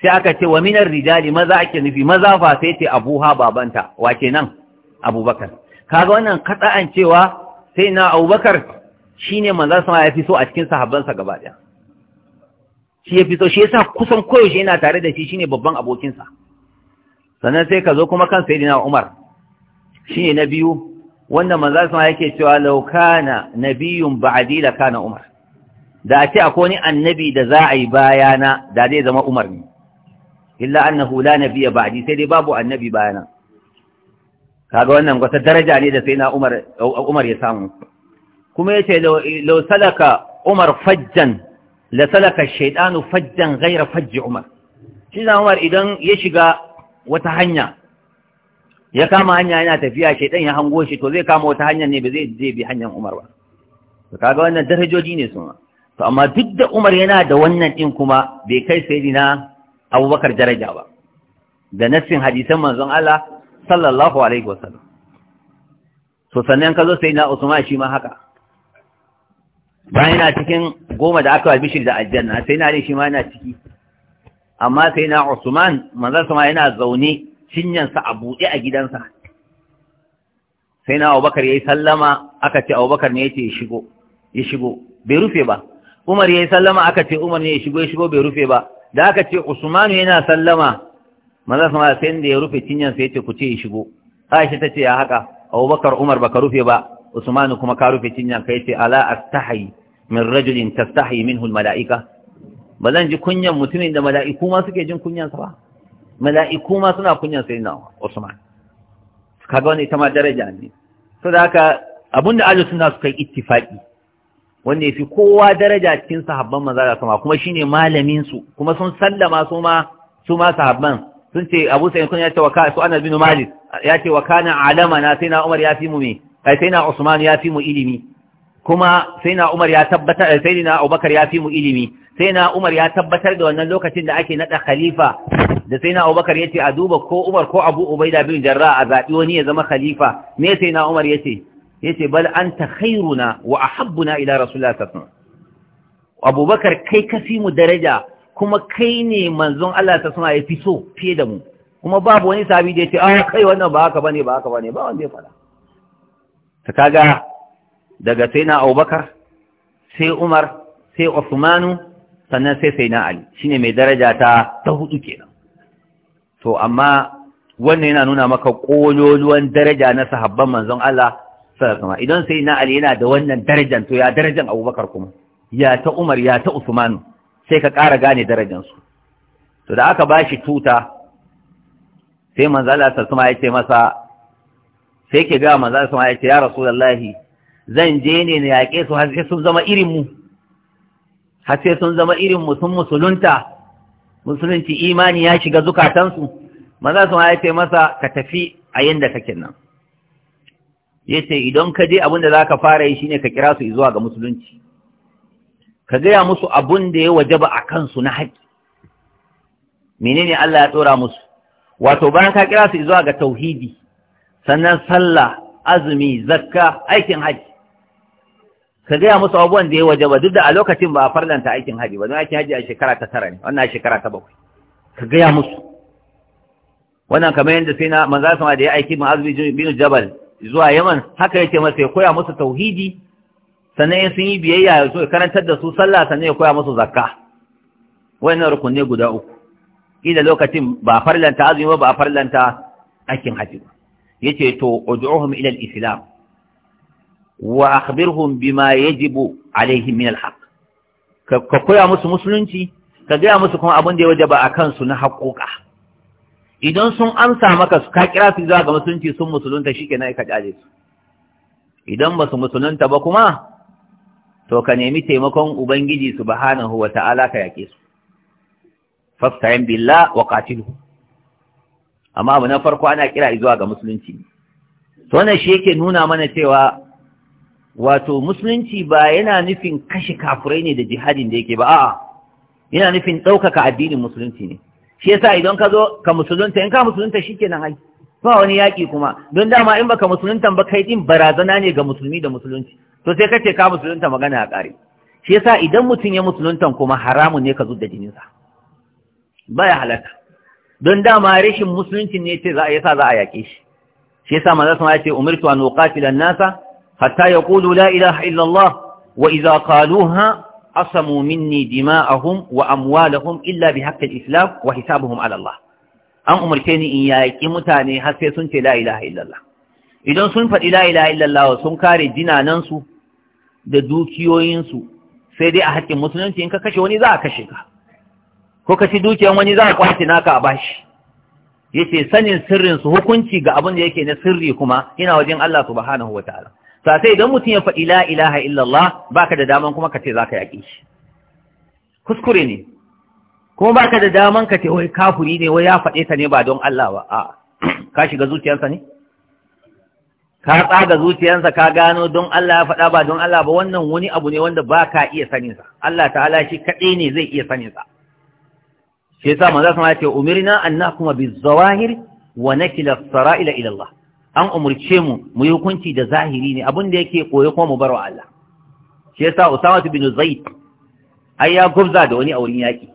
sai aka ce wa minar rijali maza ake nufi maza fa sai ce abuha babanta wa kenan abubakar kaga wannan an cewa sai na abubakar shine manzon sama ya fi so a cikin sahabbansa gaba daya shi ya fi so shi yasa kusan koyaushe yana tare da shi shine babban abokinsa sannan sai ka zo kuma kan sayyidina Umar ne na biyu wanda manzon sama yake cewa law kana nabiyyun ba'di la kana Umar da a ce akwai wani annabi da za a yi bayana da zai zama Umar ne illa annahu la nabiyya ba'di sai dai babu annabi bayana kaga wannan wata daraja ne da sai na Umar Umar ya samu kuma yace law salaka Umar fajjan la salaka shaytanu fajjan ghayra fajji Umar shi na Umar idan ya shiga wata hanya ya kama hanya yana tafiya shaytan ya hango shi to zai kama wata hanya ne ba zai je bi hanyar Umar ba to kaga wannan darajoji ne suna to amma duk da Umar yana da wannan din kuma bai kai sayyidina abubakar daraja ba da nassin hadisan manzon Allah sallallahu alaihi wasallam to sannan kazo sai na usman shi ma haka bayan na cikin goma da aka bishir da aljanna sai na ne shi ma yana ciki amma sai na usman manzon sama yana zaune cinyansa a buɗe a gidansa sai na abubakar ya yi sallama aka ce abubakar ne ya shigo, ya shigo bai rufe ba umar ya yi sallama aka ce umar ne ya shigo ya shigo bai rufe ba da aka ce usmanu yana sallama manzo sama sai inda ya rufe cinyan sai ce ku ce ya shigo aisha tace ya haka abubakar umar baka rufe ba usmanu kuma ka rufe cinyan kai ce ala astahi min rajulin tastahi minhu almalaika bazan ji kunyan mutumin da mala'iku ma suke jin kunyan sa ba mala'iku ma suna kunyan na usman kaga wani ita ma daraja ne saboda haka abinda ahlus sunna suka yi ittifaqi wanda fi kowa daraja cikin sahabban manzo Allah sama kuma shine malamin su kuma sun sallama su ma su ma sahabban sun ce Abu Sa'id kun ya ce wa ka su Anas bin Malik ya ce wa kana alama na sai na Umar ya fi mu me ai sai na Usman ya fi mu ilimi kuma sai na Umar ya tabbatar eh, sai na Abubakar ya fi mu ilimi sai na Umar ya tabbatar da wannan lokacin da ake nada khalifa da sai na Abubakar ce a duba ko Umar ko Abu Ubaida bin Jarrah a zabi wani ya zama khalifa me sai na Umar ce. yace bal anta khairuna wa ahabbuna ila rasulillah sallallahu abubakar kai kafi mu daraja kuma kai ne manzon Allah ta suna ya fi so fiye da mu kuma babu wani sabi da ya ah kai wannan ba haka bane ba haka bane ba wanda ya fada ta kaga daga Saina abubakar sai umar sai usmanu sannan sai sai ali shine mai daraja ta ta hudu kenan to amma wannan yana nuna maka ƙololuwan daraja na sahabban manzon Allah sarrafama idan sai na ali yana da wannan darajan to ya darajan abubakar kuma ya ta umar ya ta usman sai ka ƙara gane su. to da aka ba shi tuta sai Allah sassuma ya ce masa sai ke ga Allah sassuma ya ce ya rasu zan je ne na yaƙe su har sai sun zama irinmu har sai sun zama irinmu sun musulunta musulunci imani ya shiga zukatansu Allah sassuma ya ce masa ka tafi a yadda kake nan ce idan ka je abin da zaka fara yi ne ka kira su zuwa ga musulunci ka gaya musu abun da ya wajaba a kansu na haƙƙi menene Allah ya tsora musu wato bayan ka kira su zuwa ga tauhidi sannan sallah azumi zakka aikin haji ka gaya musu abubuwan da ya wajaba duk da a lokacin ba a farlanta aikin haji ba don aikin haji a shekara ta tara ne wannan shekara ta bakwai ka gaya musu wannan kamar yadda sai na manzansa ma da ya aiki ma azumi bin jabal zuwa yaman haka yake masa ya koya musu tauhidi sannan in sun yi biyayya ya zo karantar da su sallah sannan ya koya musu zakka wayannan rukunne guda uku ila lokacin ba farlanta azumi ba ba farlanta aikin haji ba yace to ud'uhum ila al-islam wa akhbirhum bima yajibu alaihim min al haq ka koya musu musulunci ka gaya musu kuma abin da ya wajaba a kansu na haƙoƙa idan sun amsa maka ka kira su zuwa ga musulunci sun musulunta na ka jaje su idan ba su musulunta ba kuma to ka nemi taimakon ubangiji subhanahu wa ta'ala ka yake su fasta'in billah wa qatiluhu amma abu na farko ana kira zuwa ga musulunci to wannan shi yake nuna mana cewa wato musulunci ba yana nufin kashe kafurai ne da jihadin da yake ba a'a yana nufin ɗaukaka addinin musulunci ne shi yasa idan ka zo ka musulunta in ka musulunta shikenan ai ba wani yaƙi kuma don dama in baka musulunta ba kai din barazana ne ga musulmi da musulunci to sai kace ka musulunta magana a ƙare shi yasa idan mutum ya musulunta kuma haramun ne ka zo da jininsa baya halaka don dama rashin musulunci ne ce za yasa za a yaƙe shi shi yasa manzo sun ce umirtu an uqatila an-nasa hatta yaqulu la ilaha illa Allah wa idza qaluha dima a dima'ahum wa hum illa bi haqqil isla wa hisabuhum ala Allah an umarce ni in yaƙi mutane har sai sun ce la ilaha illallah idan sun faɗi la ilaha illallah sun kare jinanansu da dukiyoyinsu sai dai a haƙƙin musulunci in ka kashe wani za a kashe ka ko ka ci dukiyan wani za a kwace naka a bashi yace sanin sirrin su hukunci ga abin da yake na sirri kuma yana wajen Allah subhanahu wataala sai idan mutum ya faɗi la ilaha illallah baka da daman kuma ka ce zaka yaƙi shi kuskure ne kuma baka da daman ka ce wai kafuri ne wai ya faɗe ta ne ba don Allah ba a ka shiga zuciyarsa ne ka tsaga zuciyarsa ka gano don Allah ya faɗa ba don Allah ba wannan wani abu ne wanda baka iya saninsa Allah ta'ala shi kaɗai ne zai iya saninsa shi yasa manzo sama ya ce umirna annakum bizawahir wa nakila saraila ila Allah an umurce mu mu yi hukunci da zahiri ne abin da yake koyi kuma mu barwa Allah shi yasa Usama bin Zaid ai ya gubza da wani aurin yaki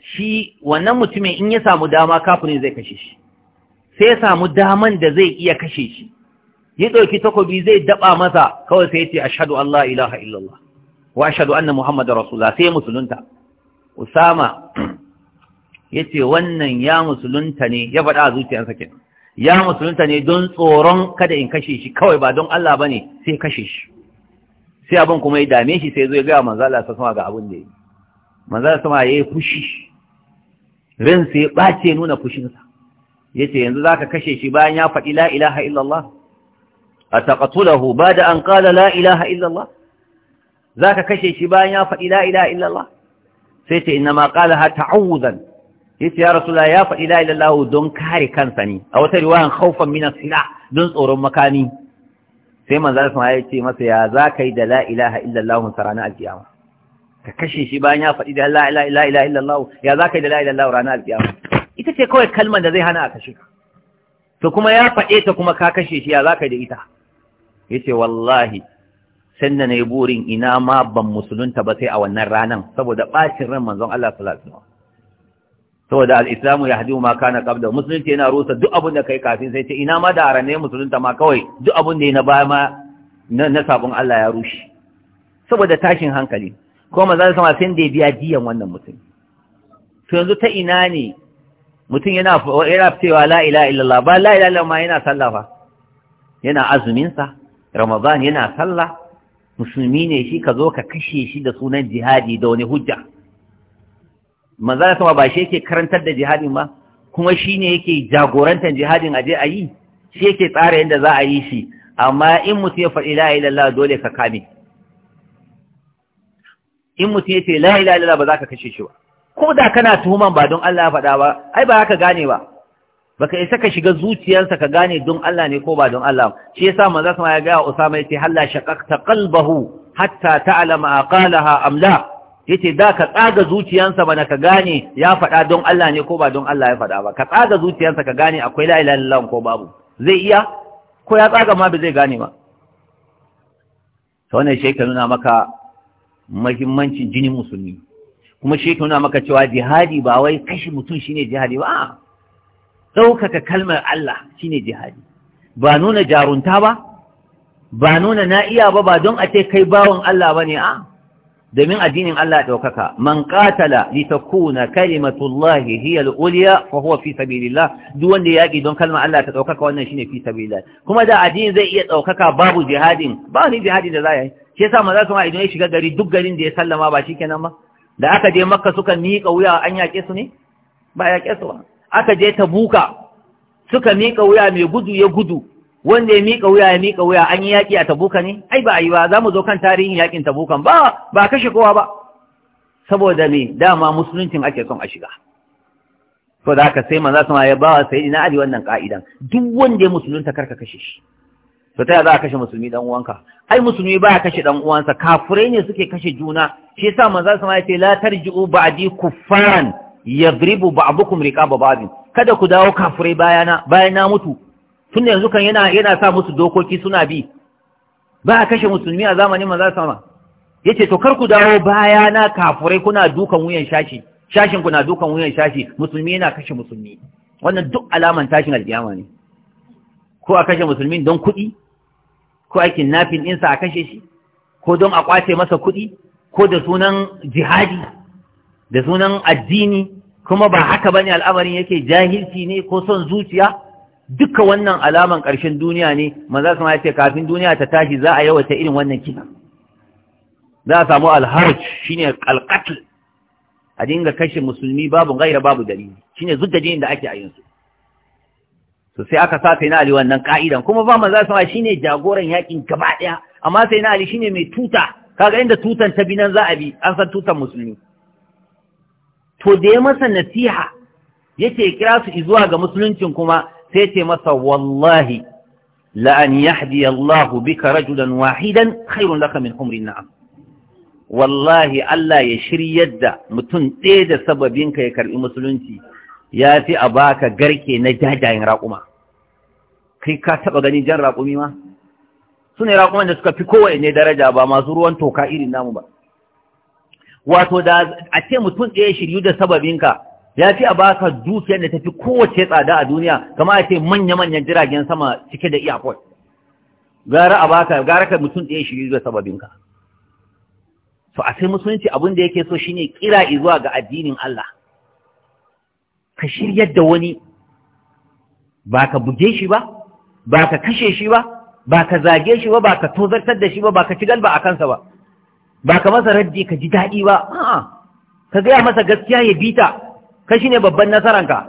shi wannan mutumin in ya samu dama kafin zai kashe shi sai ya samu daman da zai iya kashe shi ya ɗauki takobi zai daba masa kawai sai ya ce ashhadu an la ilaha illallah wa ashhadu anna muhammadar rasulullah sai musulunta Usama yace wannan ya musulunta ne ya faɗa a zuciyarsa kenan ya musulunta ne don tsoron kada in kashe shi kawai ba don Allah ba ne sai kashe shi sai abin kuma ya dame shi sai zo ya gaya manzala sa sama ga abin da ya yi manzala sama ya yi fushi ran sai ya ɓace nuna fushinsa ya ce yanzu za ka kashe shi bayan ya faɗi la ilaha illallah a taƙatulahu ba da an ƙala la ilaha illallah za ka kashe shi bayan ya faɗi la ilaha illallah sai ce ina ma ƙala ha ta'awuzan yace ya rasulullah ya faɗi la ilaha don kare kansa ne a wata riwayan khawfan min as-silah don tsoron makami sai manzo sama ya ce masa ya za ka yi da la ilaha illallah ranar alkiyama ka kashe shi bayan ya faɗi da la ilaha illallah ya za ka yi da la ilaha rana alkiyama ita ce kawai kalmar da zai hana a kashe ka to kuma ya faɗe ta kuma ka kashe shi ya za ka da ita ya ce wallahi sanna na yi burin ina ma ban musulunta ba sai a wannan ranar saboda ɓacin ran manzon Allah sallallahu alaihi saboda al’islamu ya yahdimu ma kana qabla musulunci yana rusa duk abin da kai kafin sai ce ina ma da arane musulunta ma kawai duk abin da na ba ma na sabon Allah ya rushe saboda tashin hankali ko zai sama sai da biya diyan wannan mutum to yanzu ta ina ne mutum yana yana cewa la ilaha illallah ba la ilaha illallah ma yana sallah fa yana azumin sa ramadan yana sallah musulmi ne shi ka zo ka kashe shi da sunan jihadi da wani hujja manzana sama ba shi yake karantar da jihadin ba kuma shi ne yake jagorantar jihadin aje a yi shi yake tsara yadda za a yi shi amma in mutum ya faɗi la'ayi ilallah dole ka kame in mutum ya ce la'ayi ilallah ba za ka kashe shi ba ko da kana tuhuman ba don Allah faɗa ba ai ba haka gane ba baka isa ka shiga zuciyarsa ka gane don Allah ne ko ba don Allah shi yasa manzo sama ya ga Usama yace halla shaqaqta qalbahu hatta ta'lama aqalaha am la yace da ka tsaga zuciyansa bana ka gane ya faɗa don Allah ne ko ba don Allah ya faɗa ba ka tsaga zuciyansa ka gane akwai la ilaha illallah ko babu zai iya ko ya tsaga ma ba zai gane ba to wannan shi nuna maka muhimmancin jinin musulmi kuma shi nuna maka cewa jihadi ba wai kashi mutum shine jihadi ba ɗaukaka kalmar Allah shine jihadi ba nuna jarunta ba ba nuna na'iya ba ba don a ce kai bawan Allah bane a'a domin addinin Allah ɗaukaka man qatala litakuna kalimatullahi hiya al fa huwa fi sabilillah duk wanda ya don kalmar Allah ta ɗaukaka wannan shine fi sabilillah kuma da addinin zai iya ɗaukaka babu jihadin ba ni jihadi da za yi shi yasa maza su ma idan ya shiga gari duk garin da ya sallama ba shikenan ba da aka je makka suka miƙa wuya an yaƙe su ne ba yaƙe su ba aka je tabuka suka miƙa wuya mai gudu ya gudu wanda ya miƙa wuya ya miƙa wuya an yi yaƙi a tabuka ne ai ba a yi ba za mu zo kan tarihin yaƙin tabukan ba ba kashe kowa ba saboda me dama musuluncin ake son a shiga to da haka sai manzo sama ya ba wa ina ali wannan ka'idan duk wanda ya musulunta karka kashe shi to ta za a kashe musulmi dan uwanka ai musulmi baya kashe dan uwansa kafirai ne suke kashe juna shi yasa manzo sama ya ce la tarji'u ba'di kuffaran yadribu ba'dukum riqaba ba'd kada ku dawo kafirai bayana bayan na mutu tun yanzu kan yana yana sa musu dokoki suna bi ba a kashe musulmi a zamanin maza sama yace to kar ku dawo baya na kafurai kuna dukan wuyan shashi shashin kuna dukan wuyan shashi musulmi yana kashe musulmi wannan duk alaman tashin alkiyama ne ko a kashe musulmin don kuɗi ko aikin nafin insa a kashe shi ko don a kwace masa kuɗi ko da sunan jihadi da sunan addini kuma ba haka bane al'amarin yake jahilci ne ko son zuciya duka wannan alaman ƙarshen duniya ne za su ma ce kafin duniya ta tashi za a yawaita irin wannan kina za a samu alharj ne alqatl a dinga kashe musulmi babu gaira babu dalili Shi zudda jinin da ake a to sai aka sa sai na Ali wannan ka'idan kuma ba su ma shi ne jagoran yakin gaba daya amma sai na Ali shi ne mai tuta kaga inda tutan ta bi nan za a bi an san tutan musulmi to da ya masa nasiha yake kira su zuwa ga musuluncin kuma sai ce masa wallahi la'an yahdi Allah bika rajulan wahidan khairun laka min na na'am wallahi Allah ya shiryar da mutum ɗaya da sababinka ya karɓi musulunci ya fi a baka garke na jajayen raƙuma kai ka taɓa ganin jan raƙumi ma su ne raƙuman da suka fi kowai ne daraja ba masu ruwan toka irin namu ba wato da a ce mutum ɗaya shiryu da sababinka ya fi a baka dukiyar da ta fi kowace tsada a duniya kama a ce manya-manyan jiragen sama cike da airport gara a ka gara ka mutum ɗaya shi zuwa sababinka to a sai musulunci abin da yake so shine kira izuwa ga addinin Allah ka shirya da wani ba ka buge shi ba ba ka kashe shi ba ba ka zage shi ba ba ka tozartar da shi ba ba ka ci galba a kansa ba ba ka masa raddi ka ji daɗi ba a'a ka gaya masa gaskiya ya bita kai ne babban nasaranka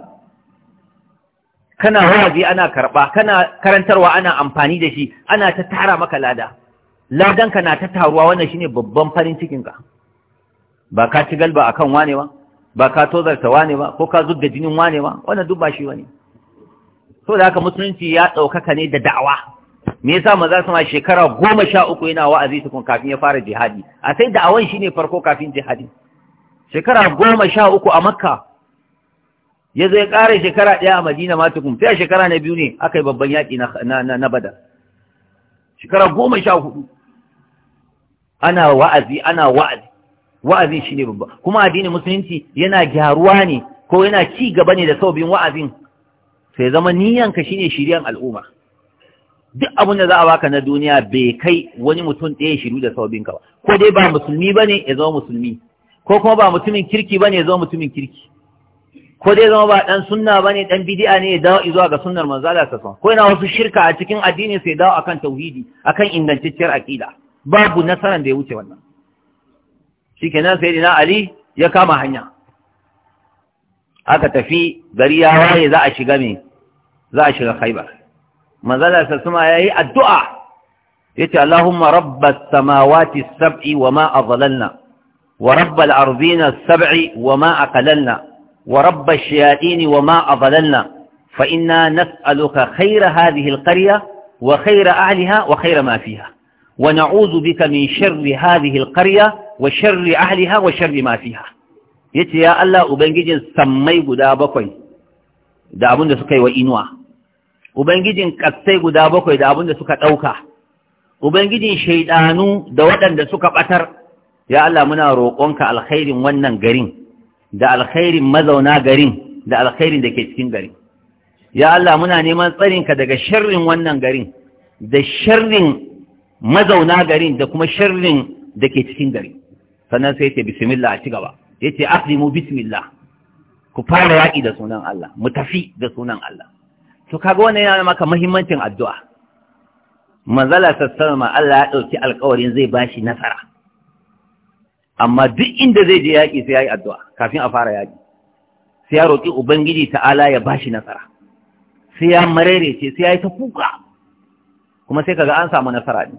kana wazi ana karɓa, kana karantarwa ana amfani da shi ana ta tara maka lada ladanka na ta taruwa wannan ne babban farin cikinka ba ka ci galba kan wane ba ba ka tozarta wane ba ko ka da jinin wane ba wannan duk ba shi wani so da haka musulunci ya ɗaukaka ne da da'awa me yasa maza su ma shekara goma sha uku yana wa'azi tukun kafin ya fara jihadi a sai da'awan ne farko kafin jihadi shekara goma sha uku a makka ya zo ya ƙara shekara ɗaya a madina ma tukun sai a shekara na biyu ne aka yi babban yaƙi na bada shekara goma sha hudu ana wa'azi ana wa'azi wa'azi shine babba kuma addinin musulunci yana gyaruwa ne ko yana ci gaba ne da saubin wa'azin sai zama niyanka shine shiryan al'umma duk abin da za a baka na duniya bai kai wani mutum ɗaya shiru da ka ba ko dai ba musulmi bane ya zama musulmi ko kuma ba mutumin kirki bane ya zama mutumin kirki ko dai zama ba ɗan sunna bane dan bidi'a ne ya dawo zuwa ga sunnar Manzala Allah ta ko yana wasu shirka a cikin addini sai dawo akan tauhidi akan ingantacciyar aqida babu nasaran da ya wuce wannan shikenan sayyidina Ali ya kama hanya aka tafi gari ya waye za a shiga me za a shiga Khaibar manzo ta yayi addu'a yace Allahumma rabbas samawati sab'i wa ma adlalna wa rabbal ardina sab'i wa ma aqlalna ورب الشياطين وما أضللنا فإنا نسألك خير هذه القرية وخير أهلها وخير ما فيها ونعوذ بك من شر هذه القرية وشر أهلها وشر ما فيها yace ya Allah ubangijin sammai guda bakwai da abin da suka yi wa inuwa ubangijin kasai guda bakwai da abin da suka ɗauka ubangijin shaidanu da waɗanda suka ɓatar ya Allah muna rokonka alkhairin wannan garin da alkhairin mazauna garin da alkhairin da ke cikin garin ya Allah muna neman tsarinka daga sharrin wannan garin da sharrin mazauna garin da kuma sharrin da ke cikin garin sannan sai ce bismillah a ci gaba ya ce aslimu bismillah ku fara yaƙi da sunan Allah mu tafi da sunan Allah to kaga wannan yana maka muhimmancin addu'a manzala sassalma Allah ya ɗauki alkawarin zai bashi nasara amma duk inda zai je yaƙi sai ya yi addu'a kafin a fara yaƙi sai ya roƙi ubangiji ta'ala ya ba shi nasara sai ya marere ce sai ya yi ta kuka kuma sai kaga an samu nasara ne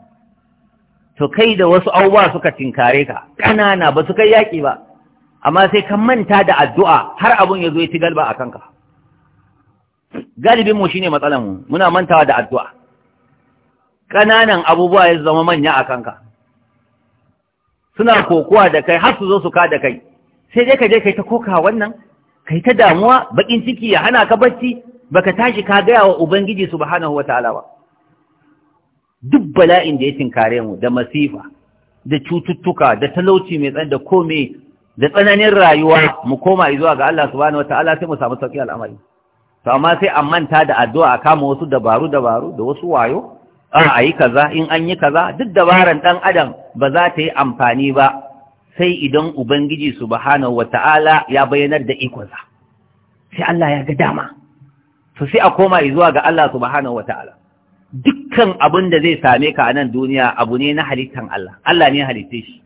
to kai da wasu abubuwa suka tinkare ka ƙanana ba su kai yaƙi ba amma sai ka manta da addu'a har abun ya zo ya ci galba a kanka galibinmu shi ne mu muna mantawa da addu'a ƙananan abubuwa ya zama manya a kanka suna kokowa da kai har su zo su kada kai sai dai ka je kai ta koka wannan kai ta damuwa bakin ciki ya hana ka bacci baka tashi ka gaya wa ubangiji subhanahu wataala ba duk bala'in da ya tinkare mu da masifa da cututtuka da talauci mai tsan da kome da tsananin rayuwa mu koma zuwa ga Allah subhanahu wataala sai mu samu sauki al'amari to amma sai a manta da addu'a a kama wasu dabaru dabaru da wasu wayo an a yi kaza in an yi kaza duk dabaran ɗan adam ba za ta yi amfani ba sai idan ubangiji subhanahu wata'ala ya bayyanar da ikonsa sai Allah ya ga dama to sai a koma zuwa ga Allah subhanahu wata'ala dukkan abin da zai same ka a nan duniya abu ne na halittan Allah Allah ne halitte shi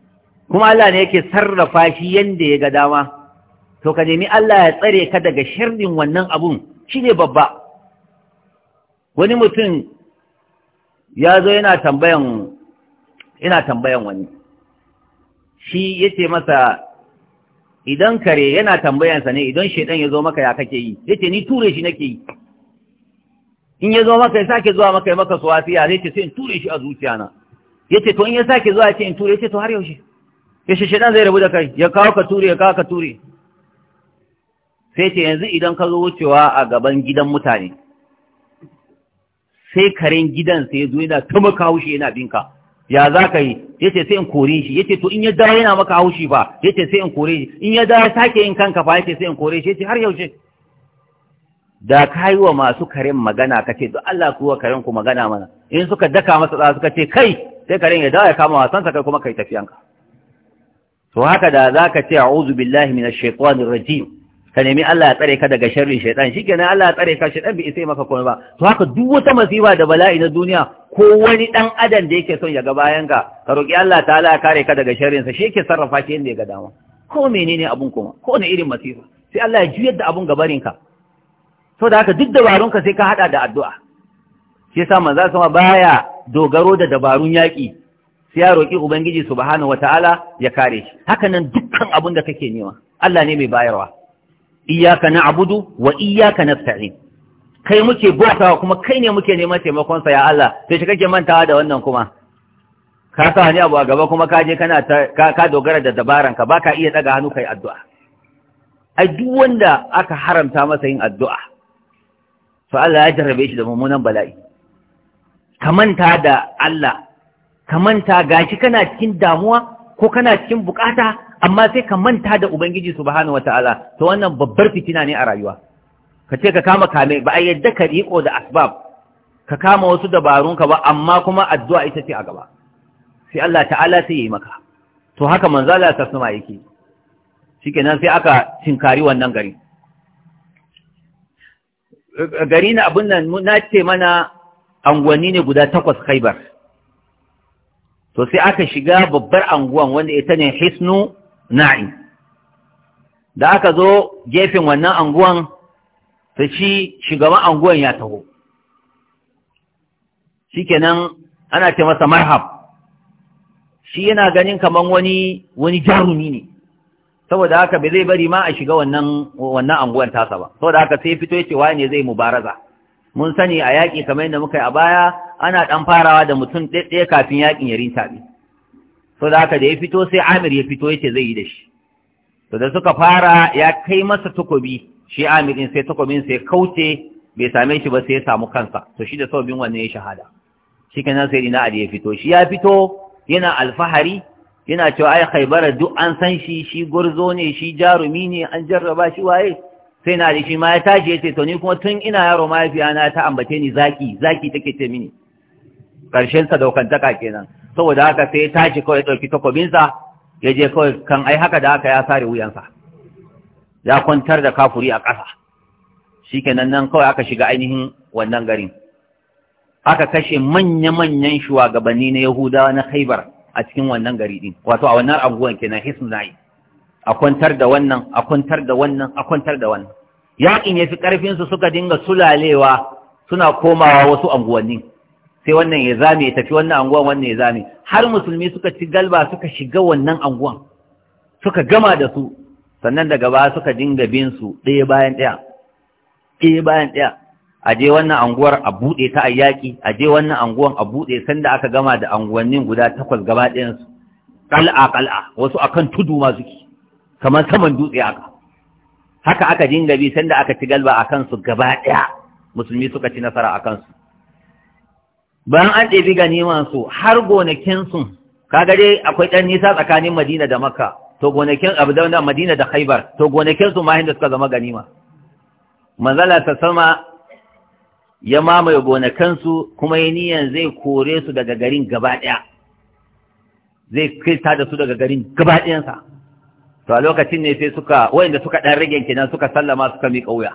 kuma Allah ne yake sarrafa shi yanda ya ga dama to ka nemi Allah ya tsare ka daga sharrin wannan abun shine babba wani mutum ya zo yana tambayan tambayan wani shi yace masa idan kare yana tambayansa ne idan shedan ya zo maka ya kake yi yace ni ture shi nake yi in ya zo maka ya sake zuwa maka ya maka suwasiya zai ce sai in ture shi a zuciya na yace to in ya sake zuwa ya ce in ture yace to har yaushe Ya shi shedan zai rabu da kai ya kawo ka ture ya kawo ka ture sai ce yanzu idan ka zo wucewa a gaban gidan mutane sai karen gidan sai zo yana ta maka haushi yana binka ya za ka yi ya ce sai in kore shi ya ce to in ya dawo yana maka haushi ba ya ce sai in kore shi in ya dawo sake yin kanka ba ya ce sai in kore shi ya ce har yaushe da ka yi wa masu karen magana ka ce Allah ku wa karen ku magana mana in suka daka masa tsara suka ce kai sai karen ya dawo ya kama wasansa kai kuma kai tafiyanka to haka da za ka ce a'udhu billahi minash shaitanir rajim ka nemi Allah ya tsare ka daga sharrin shaitan kenan Allah ya tsare ka shaitan bai isai maka komai ba to haka duk wata masifa da bala'i na duniya ko wani dan adam da yake son ya ga bayan ka ka roki Allah ta'ala ya kare ka daga sharrin sa shi yake sarrafa shi inda ya ga dama ko menene abun kuma ko ne irin masifa sai Allah ya juyar da abun gabarin ka to da haka duk dabarun ka sai ka hada da addu'a shi yasa manzo sama baya dogaro da dabarun yaki sai ya roki ubangiji subhanahu wataala ya kare shi haka nan dukkan abun da kake nema Allah ne mai bayarwa iyyaka na'budu wa iyyaka nasta'in kai muke bautawa kuma kai ne muke neman taimakon sa ya Allah sai shi kake mantawa da wannan kuma ka sa ni abu a gaba kuma ka je kana ka dogara da dabaran ka baka iya daga hannu kai addu'a ai duk wanda aka haramta masa yin addu'a fa Allah ya jarrabe shi da mummunan bala'i ka manta da Allah ka manta gashi kana cikin damuwa ko kana cikin bukata amma sai ka manta da ubangiji subhanahu wataala to wannan babbar fitina ne a rayuwa ka ce ka kama kame ba a yadda ka riko da asbab ka kama wasu dabarun ka ba amma kuma addu'a ita ce a gaba sai Allah ta'ala sai yi maka to haka manzo Allah ta suma yake shikenan sai aka cinkari wannan gari gari na abin nan na ce mana angwanni ne guda takwas khaibar to sai aka shiga babbar anguwan wanda ita ne hisnu na'i da aka zo gefen wannan anguwan ta ci shugaban anguwan ya taho shikenan ana ce masa marhab shi yana ganin kaman wani wani jarumi ne saboda haka ba zai bari ma a shiga wannan wannan anguwan tasa ba saboda haka sai fito yace wani ne zai mubaraza mun sani a yaƙi kamar yadda muka yi a baya ana ɗan farawa da mutum ɗaya-ɗaya kafin yaƙin ya rintaɓe to da haka da ya fito sai amir ya fito yace zai yi da shi to da suka fara ya kai masa takobi shi amir din sai takobin sai kauce bai same shi ba sai ya samu kansa to shi da sababin wannan ya shahada Shikenan kenan sai dina ali ya fito shi ya fito yana alfahari yana cewa ai khaybara duk an san shi shi gurzo ne shi jarumi ne an jarraba shi waye sai na ali shi ma ya tashi yace to ni kuma tun ina yaro na ta ambace ni zaki zaki take ce mini karshen sa daukantaka kenan saboda haka sai ya tashi kawai dauki takobinsa ya je kawai kan ai haka da haka ya sare wuyansa ya kwantar da kafuri a ƙasa shikenan nan kawai aka shiga ainihin wannan garin aka kashe manya-manyan shugabanni na Yahudawa na Haibar a cikin wannan gari din wato a wannan abubuwan kenan Hisnai a kwantar da wannan a kwantar da wannan a kwantar da wannan Yaƙin ya fi su suka dinga sulalewa suna komawa wasu anguwanni sai wannan ya zame ya tafi wannan anguwan wannan ya zame har musulmi suka ci galba suka shiga wannan anguwan suka gama da su sannan daga ba suka dinga bin su ɗaya bayan ɗaya ɗaya bayan ɗaya a je wannan anguwar a buɗe ta a yaƙi a je wannan anguwan a buɗe sanda aka gama da anguwannin guda takwas gaba su ƙal'a ƙal'a wasu akan tudu ma suke kamar saman dutse aka haka aka dinga bi sanda aka ci galba a kansu gaba ɗaya musulmi suka ci nasara a kansu bayan an ɗebi ganimansu har gonakinsu kaga dai akwai ɗan nisa tsakanin madina da makka to gonakin abu da madina da haibar to gonakinsu ma inda suka zama ganima manzala ta sama ya mamaye gonakansu kuma ya niyan zai kore su daga garin gaba ɗaya zai kirta da su daga garin gaba ɗayansa to a lokacin ne sai suka wa'inda suka ɗan rage kenan suka sallama suka miƙa wuya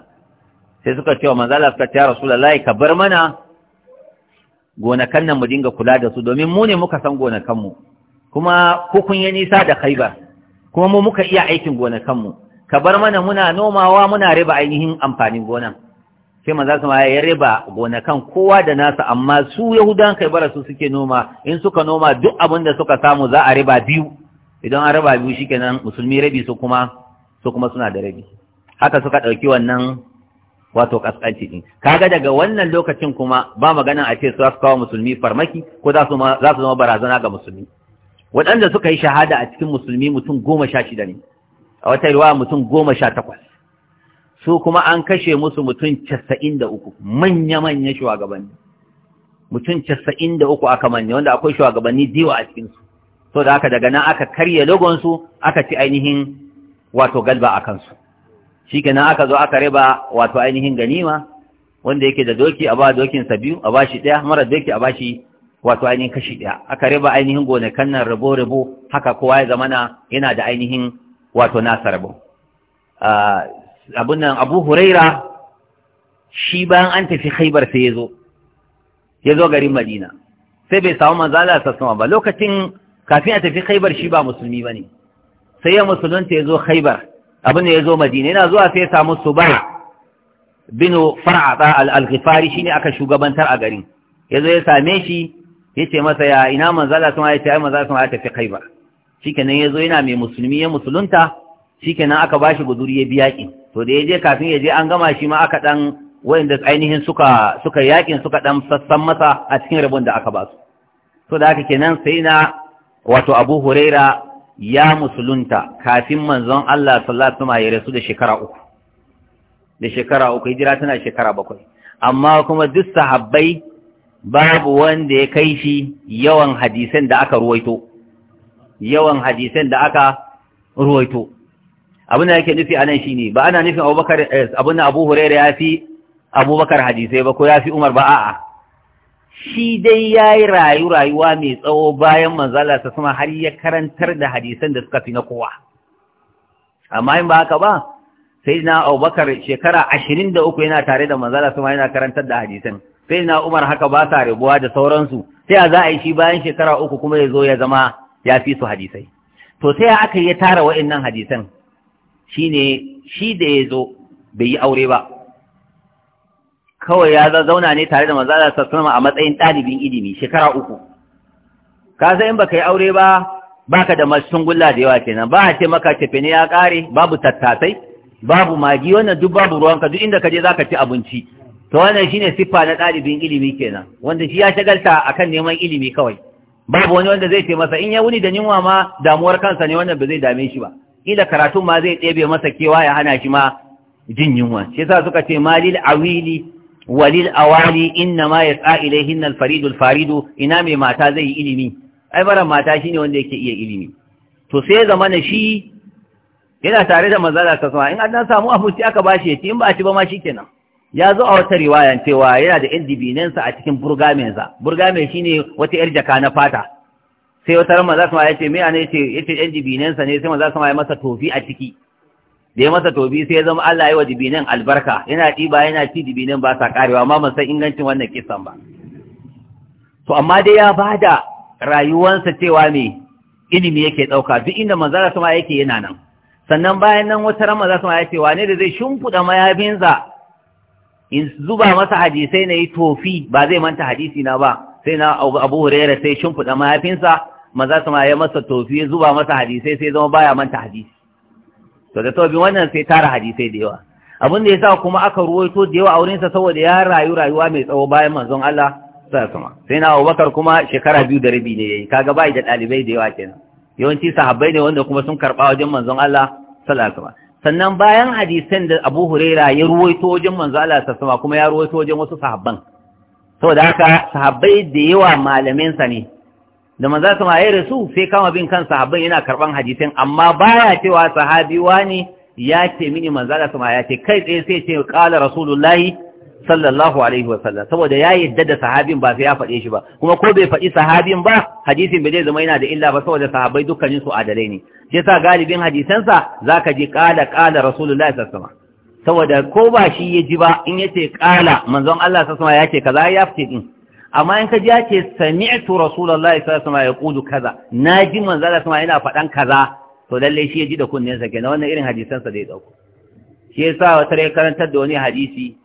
sai suka ce wa manzala suka ce ya rasulullahi ka bar mana gonakan nan mu dinga kula da su domin mu ne muka san gonakanmu kuma ku kun yi nisa da khaibar kuma mu muka iya aikin gonakanmu ka bar mana muna nomawa muna riba ainihin amfanin gonan sai manzo sama ya riba gonakan kowa da nasa amma su yahudan khaibar su suke noma in suka noma duk abin da suka samu za a riba biyu idan an riba biyu shikenan musulmi rabi su kuma su kuma suna da rabi haka suka dauki wannan wato kaskanci din kaga daga wannan lokacin kuma ba magana a ce za su kawo musulmi farmaki ko za su zama barazana ga musulmi waɗanda suka yi shahada a cikin musulmi mutum goma sha shida ne a wata ruwa mutum goma sha takwas su kuma an kashe musu mutum casa'in da uku manya-manya shugabanni mutum casa'in da uku aka manya wanda akwai shugabanni diwa a cikinsu so da haka daga nan aka karya logonsu aka ci ainihin wato galba a kansu shi kenan aka zo aka riba wato ainihin ganima wanda yake da doki a ba dokinsa biyu a bashi ɗaya mara doki a bashi wato ainihin kashi ɗaya aka riba ainihin gonakan nan rabo-rabo haka kowa ya zamana yana da ainihin wato nasa rabo Abun nan abu huraira shi bayan an tafi khaibar sai ya zo ya zo garin madina sai bai samu manzala sassama ba lokacin kafin a tafi khaibar shi ba musulmi ba ne sai ya musulunta ya zo khaibar abin da ya zo madina yana zuwa sai ya samu subai bin far'ata al-ghifari shine aka shugabantar a garin yazo ya same shi yace masa ya ina manzala sun ayace ai manzala sun ayace fi khaybar shikenan yazo yana mai musulmi ya musulunta shikenan aka bashi guduri ya biyaki to da yaje kafin yaje an gama shi ma aka dan wayanda ainihin suka suka yakin suka dan sassan masa a cikin rabon da aka ba su to da haka kenan sai na wato Abu Huraira ya musulunta kafin manzon Allah sallallahu alaihi ya rasu da shekara uku da shekara uku hijira tana shekara bakwai amma kuma duk sahabbai babu wanda ya kai shi yawan hadisan da aka ruwaito yawan hadisan da aka ruwaito abin da yake nufi a nan shine ba ana nufin abubakar eh, abin abu Hurairah ya fi abubakar hadisai ba ko ya fi umar ba a'a shi dai ya yi rayu rayuwa mai tsawo bayan manzala ta sama har ya karantar da hadisan da suka fi na kowa amma in ba haka ba sai na abubakar shekara ashirin da uku yana tare da manzala sama yana karantar da hadisan sai na umar haka ba sa rabuwa da sauransu sai a za a yi shi bayan shekara uku kuma ya zo ya zama ya fi su hadisai to sai aka yi tara wa'in nan hadisan shi ne shi da ya zo bai yi aure ba kawai ya zauna ne tare da manzo Allah sallallahu a matsayin ɗalibin ilimi shekara uku ka san in baka yi aure ba baka da gulla da yawa kenan ba a ce maka tafe ne ya kare babu tattasai babu magi wannan duk babu ruwanka duk inda ka je zaka ci abinci to wannan shine siffa na ɗalibin ilimi kenan wanda shi ya shagalta akan neman ilimi kawai babu wani wanda zai ce masa in ya wuni da yunwa ma damuwar kansa ne wannan ba zai dame shi ba ila karatun ma zai ɗebe masa kewa ya hana shi ma jin yunwa shi yasa suka ce malil awili walil awali inna ma yas'a ilayhin al-faridul faridu ina mai mata zai yi ilimi ai bara mata shine wanda yake iya ilimi to sai zamana shi yana tare da manzala ta sama in an samu abinci aka bashi ya ci in ba a ba ma shikenan ya zo a wata riwaya cewa yana da yan a cikin burgamensa burgame shine wata yar jaka na fata sai wata ran manzala sama yace, me ana yace yace yan ne sai manzala sama ya masa tofi a ciki da ya masa tobi sai ya zama Allah ya wa dibinan albarka yana ɗiba yana ci dibinan ba sa karewa amma ban san ingancin wannan kisan ba to amma dai ya bada rayuwansa cewa me ilimi yake ɗauka duk inda manzara sama yake yana nan sannan bayan nan wata ran sama ya ce wane da zai shimfiɗa mayafinsa in zuba masa hadisai na yi tofi ba zai manta hadisi na ba sai na abu hurera sai shimfiɗa mayafinsa maza su ma ya masa tofi ya zuba masa hadisai sai zama baya manta hadisi to da sababin wannan sai tara hadisai da yawa abin da yasa kuma aka ruwaito da yawa a wurin sa saboda ya rayu rayuwa mai tsawo bayan manzon Allah sallallahu alaihi sai na Abubakar kuma shekara biyu da rabi ne yayi kaga bai da dalibai da yawa kenan yawanci sahabbai ne wanda kuma sun karba wajen manzon Allah sallallahu alaihi sannan bayan hadisan da Abu Huraira ya ruwaito wajen manzon Allah sallallahu alaihi kuma ya ruwaito wajen wasu sahabban saboda haka sahabbai da yawa malamin sa ne da su sama ya rasu sai kama bin kan sahabban yana karban hadisin amma baya cewa sahabi wani ya ce mini manzo sama ya ce kai tsaye sai ce qala rasulullahi sallallahu alaihi wasallam saboda ya yadda da sahabin ba sai ya faɗe shi ba kuma ko bai faɗi sahabin ba hadisin bai zai zama yana da illa ba saboda sahabbai dukkanin su adalai ne sai sa galibin hadisansa zaka ji qala qala rasulullahi sallallahu alaihi wasallam saboda ko ba shi ya ji ba in yace qala manzon Allah sallallahu alaihi wasallam ya ce kaza ya fice din amma in ka ji ya ce sami'tu rasulullahi sallallahu alaihi wasallam kaza na ji manzo Allah sama yana faɗan kaza to lalle shi ya ji da kunnensa kenan wannan irin hadisan sa da ya dauko shi yasa wata rai karantar da wani hadisi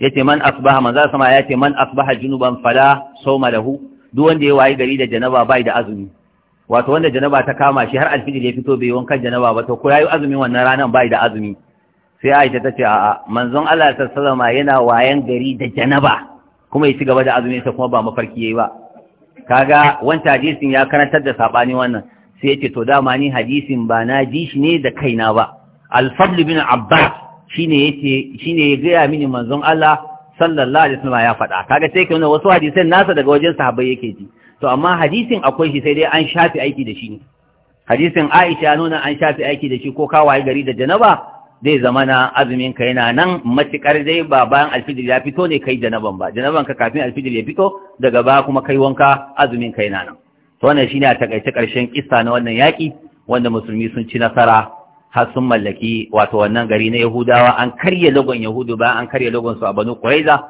yace man asbaha manzo sama ya ce man asbaha junuban fala sawma lahu duk wanda ya wayi gari da janaba bai da azumi wato wanda janaba ta kama shi har alfijir ya fito bai wankan janaba ba to ko yayi azumin wannan ranan bai da azumi sai Aisha ta ce a'a manzon Allah sallallahu alaihi wasallam yana wayan gari da janaba kuma ya ci gaba da azumin sa kuma ba mafarki yayi ba kaga wancan hadisin ya karantar da sabani wannan sai yace to dama ni hadisin ba na ji shi ne da kaina ba al-fadl bin abbas shine yace shine ya gaya mini manzon Allah sallallahu alaihi wasallam ya faɗa kaga sai kai wasu hadisan nasa daga wajen sahabbai yake ji to amma hadisin akwai shi sai dai an shafi aiki da shi ne hadisin Aisha nuna an shafi aiki da shi ko ka waye gari da janaba zai zama na azumin ka yana nan matukar dai ba bayan alfijir ya fito ne kai janaban ba janaban ka kafin alfijir ya fito daga ba kuma kai wanka azumin ka yana nan to wannan shine a takaice karshen kissa na wannan yaki wanda musulmi sun ci nasara har sun mallaki wato wannan gari na Yahudawa an karya logon Yahudu ba an karya logon su a Banu Quraiza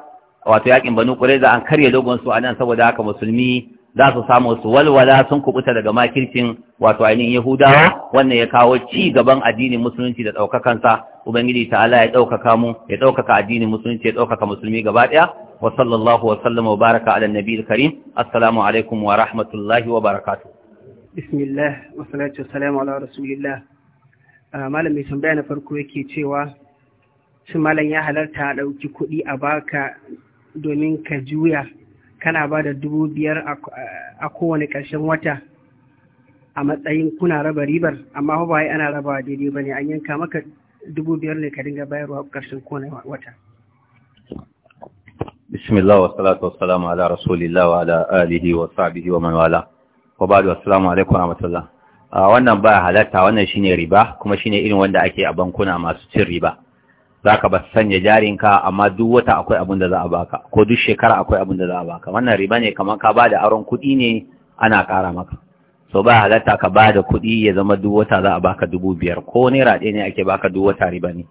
wato yakin Banu Quraiza an karya logon su nan saboda haka musulmi za su samu su walwala sun kubuta daga makircin wato ainihin yahudawa wannan ya kawo ci gaban addinin musulunci da ɗaukakansa ubangiji ta'ala ya daukaka mu ya ɗaukaka addinin musulunci ya ɗaukaka musulmi gaba daya wa sallallahu wa sallama wa baraka ala nabiyil karim assalamu alaikum wa rahmatullahi wa barakatuh bismillah wa salatu wa salam ala rasulillah ah, malam mai tambaya na farko yake cewa shin malam ya halarta a ɗauki kuɗi a baka domin ka juya kana ba da dubu biyar a kowane ƙarshen wata a matsayin kuna raba ribar amma ba wai ana rabawa daidai ba ne an yanka maka dubu biyar ne ka dinga bayarwa ƙarshen kowane wata bismillah wa salatu wa salamu ala rasulillah wa ala alihi wa sahbihi wa man wala wa ba'du assalamu alaikum wa rahmatullah wannan ba halatta wannan shine riba kuma shine irin wanda ake a bankuna masu cin riba zaka ba sanya jarinka amma duk wata akwai abin da za a baka ko duk shekara akwai abin da za a baka wannan riba ne kamar ka bada da aron kuɗi ne ana ƙara maka so ba halatta ka bada da kuɗi ya zama duk wata za a baka dubu biyar ko naira ɗaya ne ake baka duk wata riba ne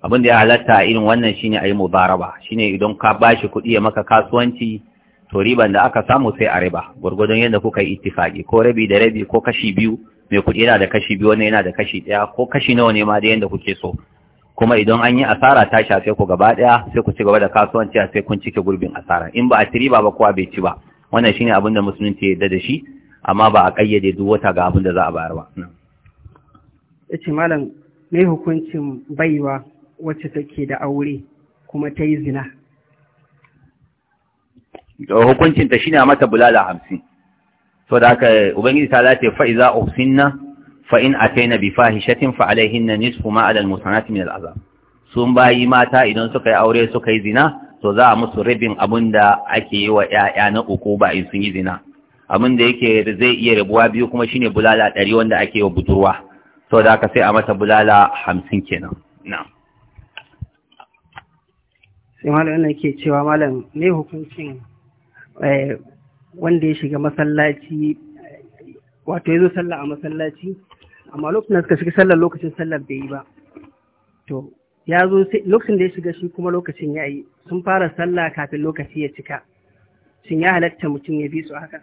abin da ya halatta irin wannan shine a yi mubaraba shine idan ka bashi kuɗi ya maka kasuwanci to riban da aka samu sai a riba gwargwadon yadda kuka yi ittifaki ko rabi da rabi ko kashi biyu mai kuɗi yana da kashi biyu wani yana da kashi ɗaya ko kashi nawa ne ma da yadda kuke so kuma idan an yi asara ta shafe ku gaba ɗaya sai ku ci gaba da kasuwanci sai kun cike gurbin asara in ba a ci riba ba kowa bai ci ba wannan shine abin da musulunci ya yarda da shi amma ba a kayyade duk wata ga abin da za a bayar ba yace malam me hukuncin baiwa wacce take da aure kuma ta yi zina hukuncinta shine a mata bulala hamsin so da haka ubangiji ta lati fa'iza uhsinna a فإن أتينا بفاحشة فعليهن نصف ما على المحصنات من العذاب sun bayi mata idan suka yi aure suka yi zina to za a musu rabin abin da ake yi wa ‘ya'ya na uku ba in sun yi zina abin da yake zai iya rabuwa biyu kuma shi ne bulala ɗari wanda ake wa budurwa sau da aka sai a mata bulala hamsin kenan na sai malam yana ke cewa malam ne hukuncin wanda ya shiga masallaci wato ya zo sallah a masallaci amma lokacin da suka shiga sallar lokacin sallar bai yi ba to ya zo lokacin da ya shiga shi kuma lokacin ya yi sun fara sallah kafin lokaci ya cika shin ya halatta mutum ya bi su haka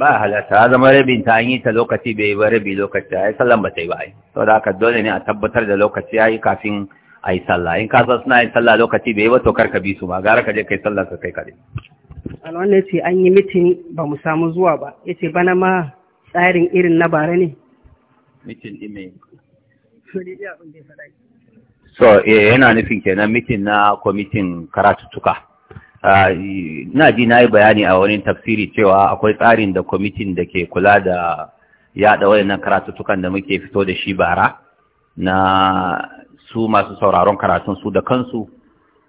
ba halatta ya zama rabin ta an yi ta lokaci bai yi ba rabi lokaci ya yi sallan ba ta yi ba Sau saboda haka dole ne a tabbatar da lokaci ya yi kafin a yi sallah in ka san suna yin sallah lokaci bai yi ba to kar ka bi su ba gara ka je kai sallah ka kai kaɗai. alwan ne ce an yi mitin ba mu samu zuwa ba ya ce bana ma tsarin irin na bara ne mitin ɗin mai so eh, yana nufin kenan mitin na kwamitin karatuttuka ah, na ji na yi bayani a wani tafsiri cewa akwai tsarin da kwamitin da ke kula da yaɗa waɗannan karatuttukan da muke fito da shi bara na su masu sauraron karatun su da kansu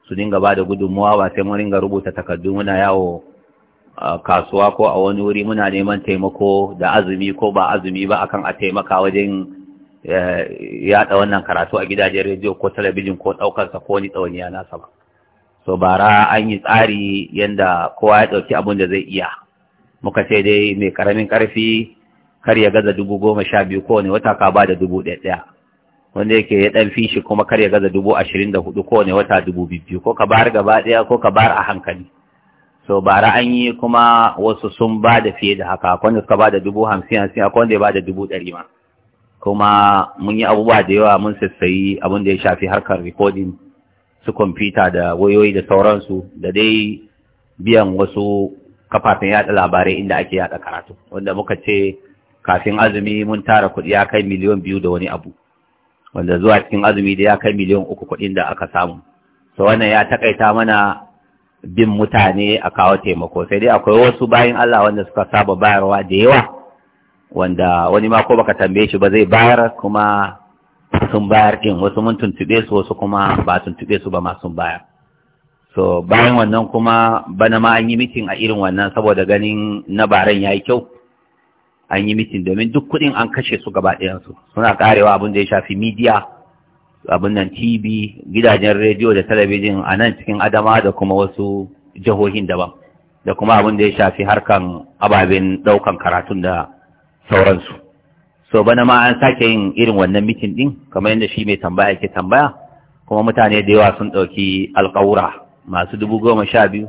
su dinga ba da gudunmuwa ba sai mun ringa rubuta takardu muna yawo kasuwa ko a wani wuri muna neman taimako da azumi ko ba azumi ba akan a taimaka wajen eh, yada wannan karatu a gidajen rediyo ko talabijin ko ɗaukarsa ko wani tsawon yana ba so bara an yi tsari yadda kowa ya ɗauki abin da zai iya muka ce dai mai karamin karfi kar ya gaza dubu goma sha biyu ko wani wata ka ba dubu ɗaya ɗaya wanda yake ya ɗan fishi kuma kar ya gaza dubu ashirin da hudu wani wata dubu biyu ko ka bayar gaba ɗaya ko ka bayar a hankali so bara an kuma wasu sun ba da fiye da haka akwai suka ba da dubu hamsin hamsin akwai wanda ya ba da dubu ɗari ma kuma mun yi abubuwa da yawa mun sassayi abin da ya shafi harkar rikodin su kwamfuta da wayoyi da sauransu da dai biyan wasu kafafen yada labarai inda ake yada karatu wanda muka ce kafin azumi mun tara kuɗi ya kai miliyan biyu da wani abu wanda zuwa cikin azumi da ya kai miliyan uku kuɗin da aka samu so wannan ya takaita mana bin mutane a kawo taimako sai dai akwai wasu bayan Allah wanda suka saba bayarwa da yawa wanda wani ma ko baka tambaye shi ba zai bayar kuma sun bayar din wasu mun tuntube su wasu kuma ba tuntube su ba ma sun bayar so bayan wannan kuma bana ma an yi mitin a irin wannan saboda ganin na baran yayi kyau an yi mitin domin duk kuɗin an kashe su gaba su. suna karewa abin da ya shafi midiya abin nan tv gidajen rediyo da talabijin a nan cikin adama da kuma wasu jihohin daban da kuma abin da ya shafi harkan ababen ɗaukan karatun da sauransu so bana ma an sake yin irin wannan mitin ɗin, kamar yadda shi mai tambaya yake tambaya kuma mutane da yawa sun ɗauki alƙawura masu dubu goma sha biyu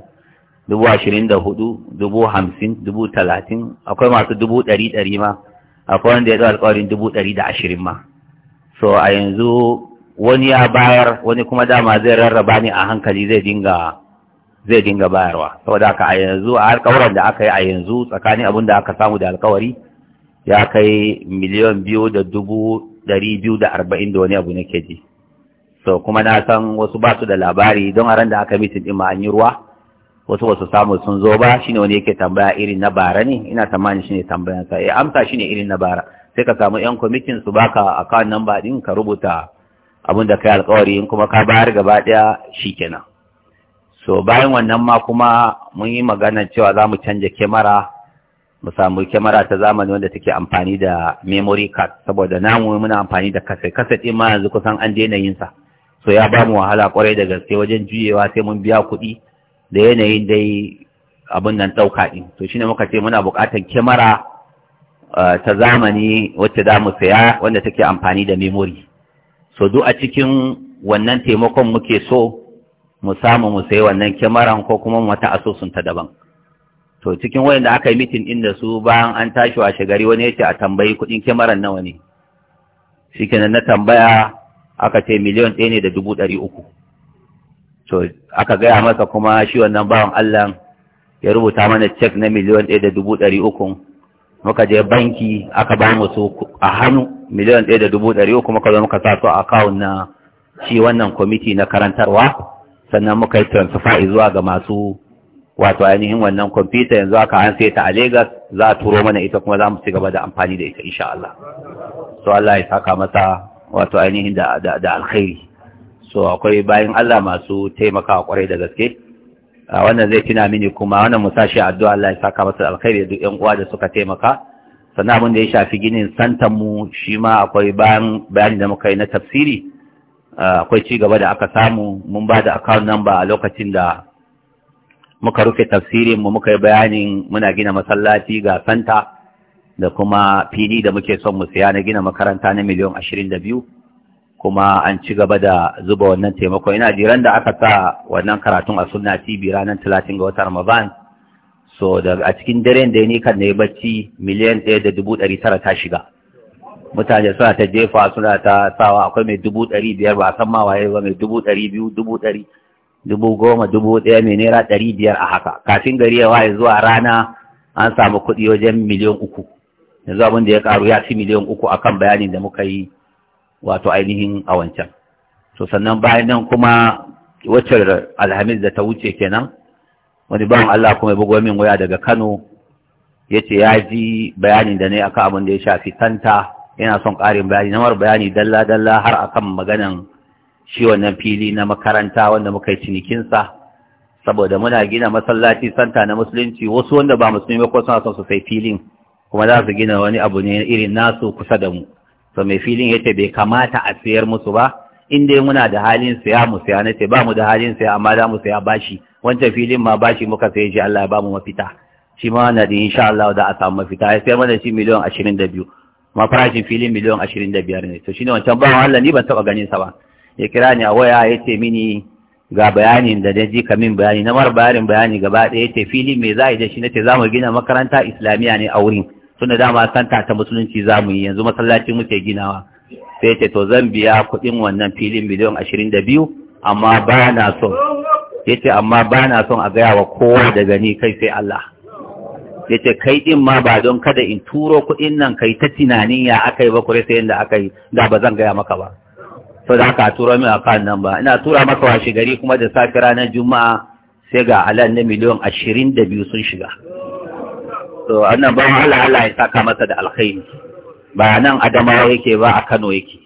dubu ashirin da hudu dubu hamsin dubu talatin akwai masu dubu ɗari ɗari ma akwai wanda ya ɗau alƙawarin dubu ɗari da ashirin ma so a yanzu wani ya bayar wani kuma dama zai rarraba ni a hankali zai dinga zai dinga bayarwa saboda haka a yanzu a alkawaran da aka yi a yanzu tsakanin abin da aka samu da alkawari ya kai miliyan biyu da dubu ɗari biyu da arba'in da wani abu na ke ji. so kuma na san wasu ba su da labari don a ran da aka mitin ɗin ma'an yi ruwa wasu wasu samu sun zo ba shine wani yake tambaya irin na bara ne ina tamani shine tambayansa eh amsa shine irin na bara sai ka samu yan kwamitin su baka account number ɗin ka rubuta abin da kai alkawari in kuma ka bayar gaba ɗaya kenan. so bayan wannan ma kuma mun yi magana cewa za mu canja kyamara mu samu kyamara ta zamani wanda take amfani da memory card saboda namu muna amfani da kasai kasai din ma yanzu kusan an daina yin sa so ya ba mu wahala kwarai da gaske wajen juyewa sai mun biya kuɗi da yanayin dai abin nan ɗauka ɗin to shine muka ce muna buƙatar kyamara eh, ta zamani wacce za mu saya wanda take amfani da memory so duk a cikin wannan taimakon muke so mu samu mu sayi wannan kyamaran ko kuma wata asusun ta daban to cikin wayanda aka yi mitin din da su bayan an tashi wa shagari wani yace a tambayi kuɗin kyamaran nawa ne shikenan na tambaya aka ce miliyon ɗaya ne da dubu to aka gaya masa kuma shi wannan bawan Allah ya rubuta mana cek na miliyon ɗaya da dubu ɗari muka je banki aka ba mu su a hannu miliyan ɗaya da dubu ɗari uku muka zo muka sa su a kawun na shi wannan kwamiti na karantarwa sannan muka yi transfer zuwa ga masu wato ainihin wannan kwamfuta yanzu aka an sai ta a Legas za a turo mana ita kuma za mu ci gaba da amfani da ita insha Allah so Allah ya saka masa wato ainihin da da alkhairi so akwai bayan Allah masu taimakawa kwarai da gaske wannan zai tuna mini kuma wannan musashi addu'a Allah ya saka masa alkhairi da duk yan uwa da suka taimaka sannan abin da ya shafi ginin santanmu shi ma akwai bayani da muka yi na tafsiri akwai ci gaba da aka samu mun ba da account number a lokacin da muka rufe tafsirin mu muka yi bayanin muna gina masallaci ga santa da kuma fili da muke son mu siya na gina makaranta na miliyon ashirin da biyu kuma an ci gaba da zuba wannan taimako ina jiran da aka sa wannan karatun a sunna tv ranar talatin ga watan ramadan so da a cikin daren da ni kan nayi bacci miliyan ɗaya da dubu ɗari tara ta shiga mutane suna ta jefa suna ta sawa akwai mai dubu ɗari biyar ba san ma waye ba mai dubu ɗari biyu dubu ɗari dubu goma dubu ɗaya mai naira ɗari biyar a haka kafin gari ya waye zuwa rana an samu kuɗi wajen miliyan uku yanzu abin da ya karu ya fi miliyan uku a kan bayanin da muka yi wato ainihin a wancan so sannan bayan nan kuma wacce alhamis da ta wuce kenan wani ban Allah kuma ya bugo min waya daga Kano yace ya ji bayani da ne akan abin da ya shafi tanta yana son ƙarin bayani na mar bayani dalla dalla har akan maganan shi wannan fili na makaranta wanda muka yi cinikin sa saboda muna gina masallaci santa na musulunci wasu wanda ba musulmi ba ko suna son su sai filin kuma za su gina wani abu ne irin nasu kusa da mu to mai filin yace bai kamata a siyar musu ba in dai muna da halin saya mu saya na ce ba mu da halin saya amma za mu saya bashi wancan filin ma bashi muka saye shi Allah ya ba mu mafita shi ma na da insha Allah da a samu mafita ya sai mana shi miliyan 22 ma farashin filin miliyan 25 ne to shine wancan ba Allah ni ban taba ganin sa ba ya kira ni a waya ya ce mini ga bayanin da ka kamin bayani na mar bayanin bayani gaba ɗaya ya ce filin me za a yi da shi na ce za mu gina makaranta islamiyya ne a wurin tunda dama santa ta musulunci za mu yi yanzu masallaci muke ginawa sai ce to zan biya kuɗin wannan filin miliyan ashirin da biyu amma ba na son ya ce amma ba na son a gaya wa kowa da gani kai sai Allah ya ce kai ɗin ma ba don kada in turo kuɗin nan kai ta tunanin ya aka yi ba kure sai yadda aka yi da ba zan gaya maka ba sau da aka tura min akan nan ba ina tura maka washe gari kuma da safe ranar juma'a sai ga alal na miliyan ashirin da biyu sun shiga to annan ba Allah Allah ya saka masa da alkhairi ba nan adamawa yake ba a Kano yake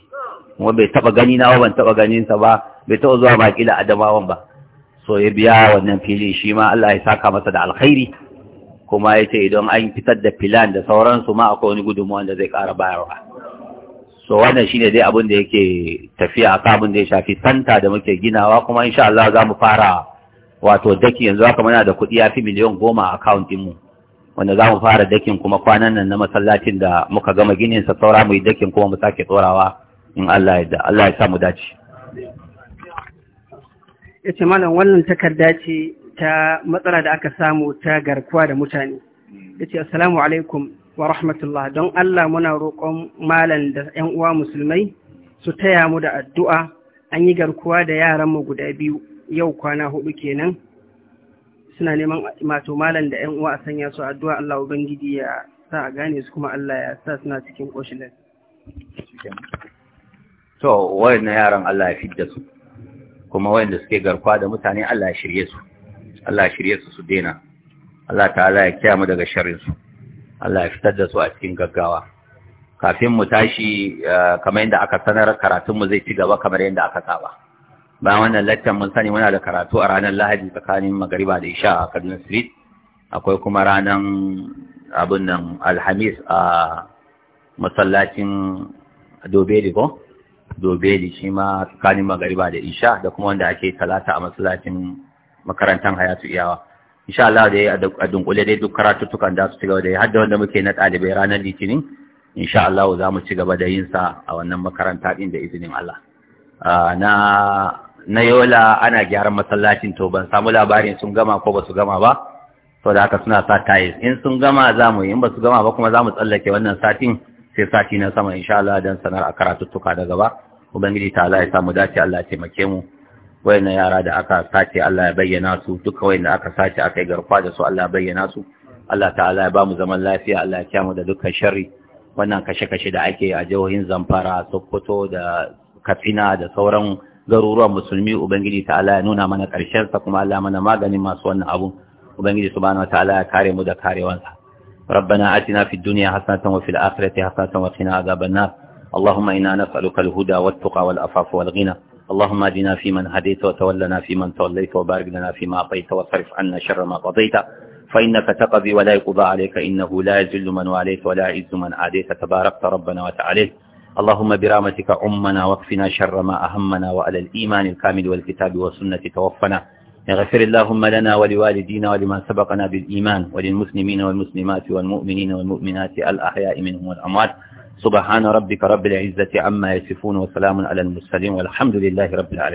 kuma bai taba gani na ban taba ganin sa ba bai taba zuwa baki da adamawan ba so ya biya wannan fili shi ma Allah ya saka masa da alkhairi kuma yace idan an fitar da filan da sauransu ma akwai wani gudunmuwa da zai kara bayarwa so wannan shine dai abin da yake tafiya a da ya shafi santa da muke ginawa kuma insha Allah za mu fara wato daki yanzu haka muna da kuɗi ya fi miliyan goma a akawun mu. wanda za mu fara dakin kuma kwanan nan na masallacin da muka gama ginin sa saura mu yi dakin kuma mu sake tsorawa in Allah ya da Allah ya sa mu dace yace malam wannan takarda ce ta matsala da aka samu ta garkuwa da mutane yace assalamu alaikum wa rahmatullah don Allah muna roƙon malam da ƴan uwa musulmai su taya mu da addu'a an yi garkuwa da yaran mu guda biyu yau kwana hudu kenan suna neman mato malam da yan uwa a sanya su addu'a Allah ubangiji ya sa a gane su kuma Allah ya sa suna cikin koshin to na yaran Allah ya fidda su kuma wayanda suke garkuwa da mutane Allah ya shirye su Allah ya shirye su su daina Allah ta'ala ya kiyamu daga sharrin su Allah ya fitar da su a cikin gaggawa kafin mu tashi eh, kamar yadda aka sanar karatun mu zai ci gaba kamar yadda aka saba ba wannan lattan mun sani muna da karatu a ranar lahadi tsakanin magariba da isha a kaduna street akwai kuma ranar abin nan alhamis a masallacin dobeli ko dobeli shi ma tsakanin magariba da isha da kuma wanda ake talata a masallacin makarantar hayatu iyawa insha Allah da a dunkule dai duk karatuttukan da su ci gaba da har da wanda muke na ɗalibai ranar litinin insha Allah za mu ci gaba da yin sa a wannan makaranta din da izinin Allah ah, na na yola ana gyaran masallacin to ban samu labarin sun gama ko ba su gama ba to da haka suna sa tayis in sun gama za mu yi in ba su gama ba kuma za mu tsallake wannan satin sai sati na sama insha Allah dan sanar a karatuttuka da gaba ubangiji ta Allah ya samu dace Allah ya taimake mu wayannan yara da aka sace Allah ya bayyana su duka wayanda aka sace aka yi garkwa da su Allah ya bayyana su Allah ta'ala ya ba mu zaman lafiya Allah ya kiyamu da dukkan sharri wannan kashe-kashe da ake a jihohin Zamfara Sokoto da Katsina da sauran garuruwan musulmi ubangiji ta'ala ya nuna mana karshen sa kuma Allah mana maganin masu wannan abu ubangiji subhanahu wataala ya kare mu da karewansa ربنا آتنا في الدنيا حسنة وفي الآخرة حسنة وقنا عذاب النار اللهم إنا نسألك الهدى والتقى والعفاف والغنى اللهم أدنا في من هديت وتولنا في من توليت وبارك لنا فيما أعطيت وصرف عنا شر ما قضيت فإنك تقضي ولا يقضى عليك إنه لا يذل من واليت ولا يعز من عاديت تباركت ربنا وتعاليت اللهم برامتك عمنا واكفنا شر ما أهمنا وعلى الإيمان الكامل والكتاب والسنة توفنا يغفر اللهم لنا ولوالدينا ولمن سبقنا بالإيمان وللمسلمين والمسلمات والمؤمنين والمؤمنات الأحياء منهم والأموات سبحان ربك رب العزة عما يصفون وسلام على المرسلين والحمد لله رب العالمين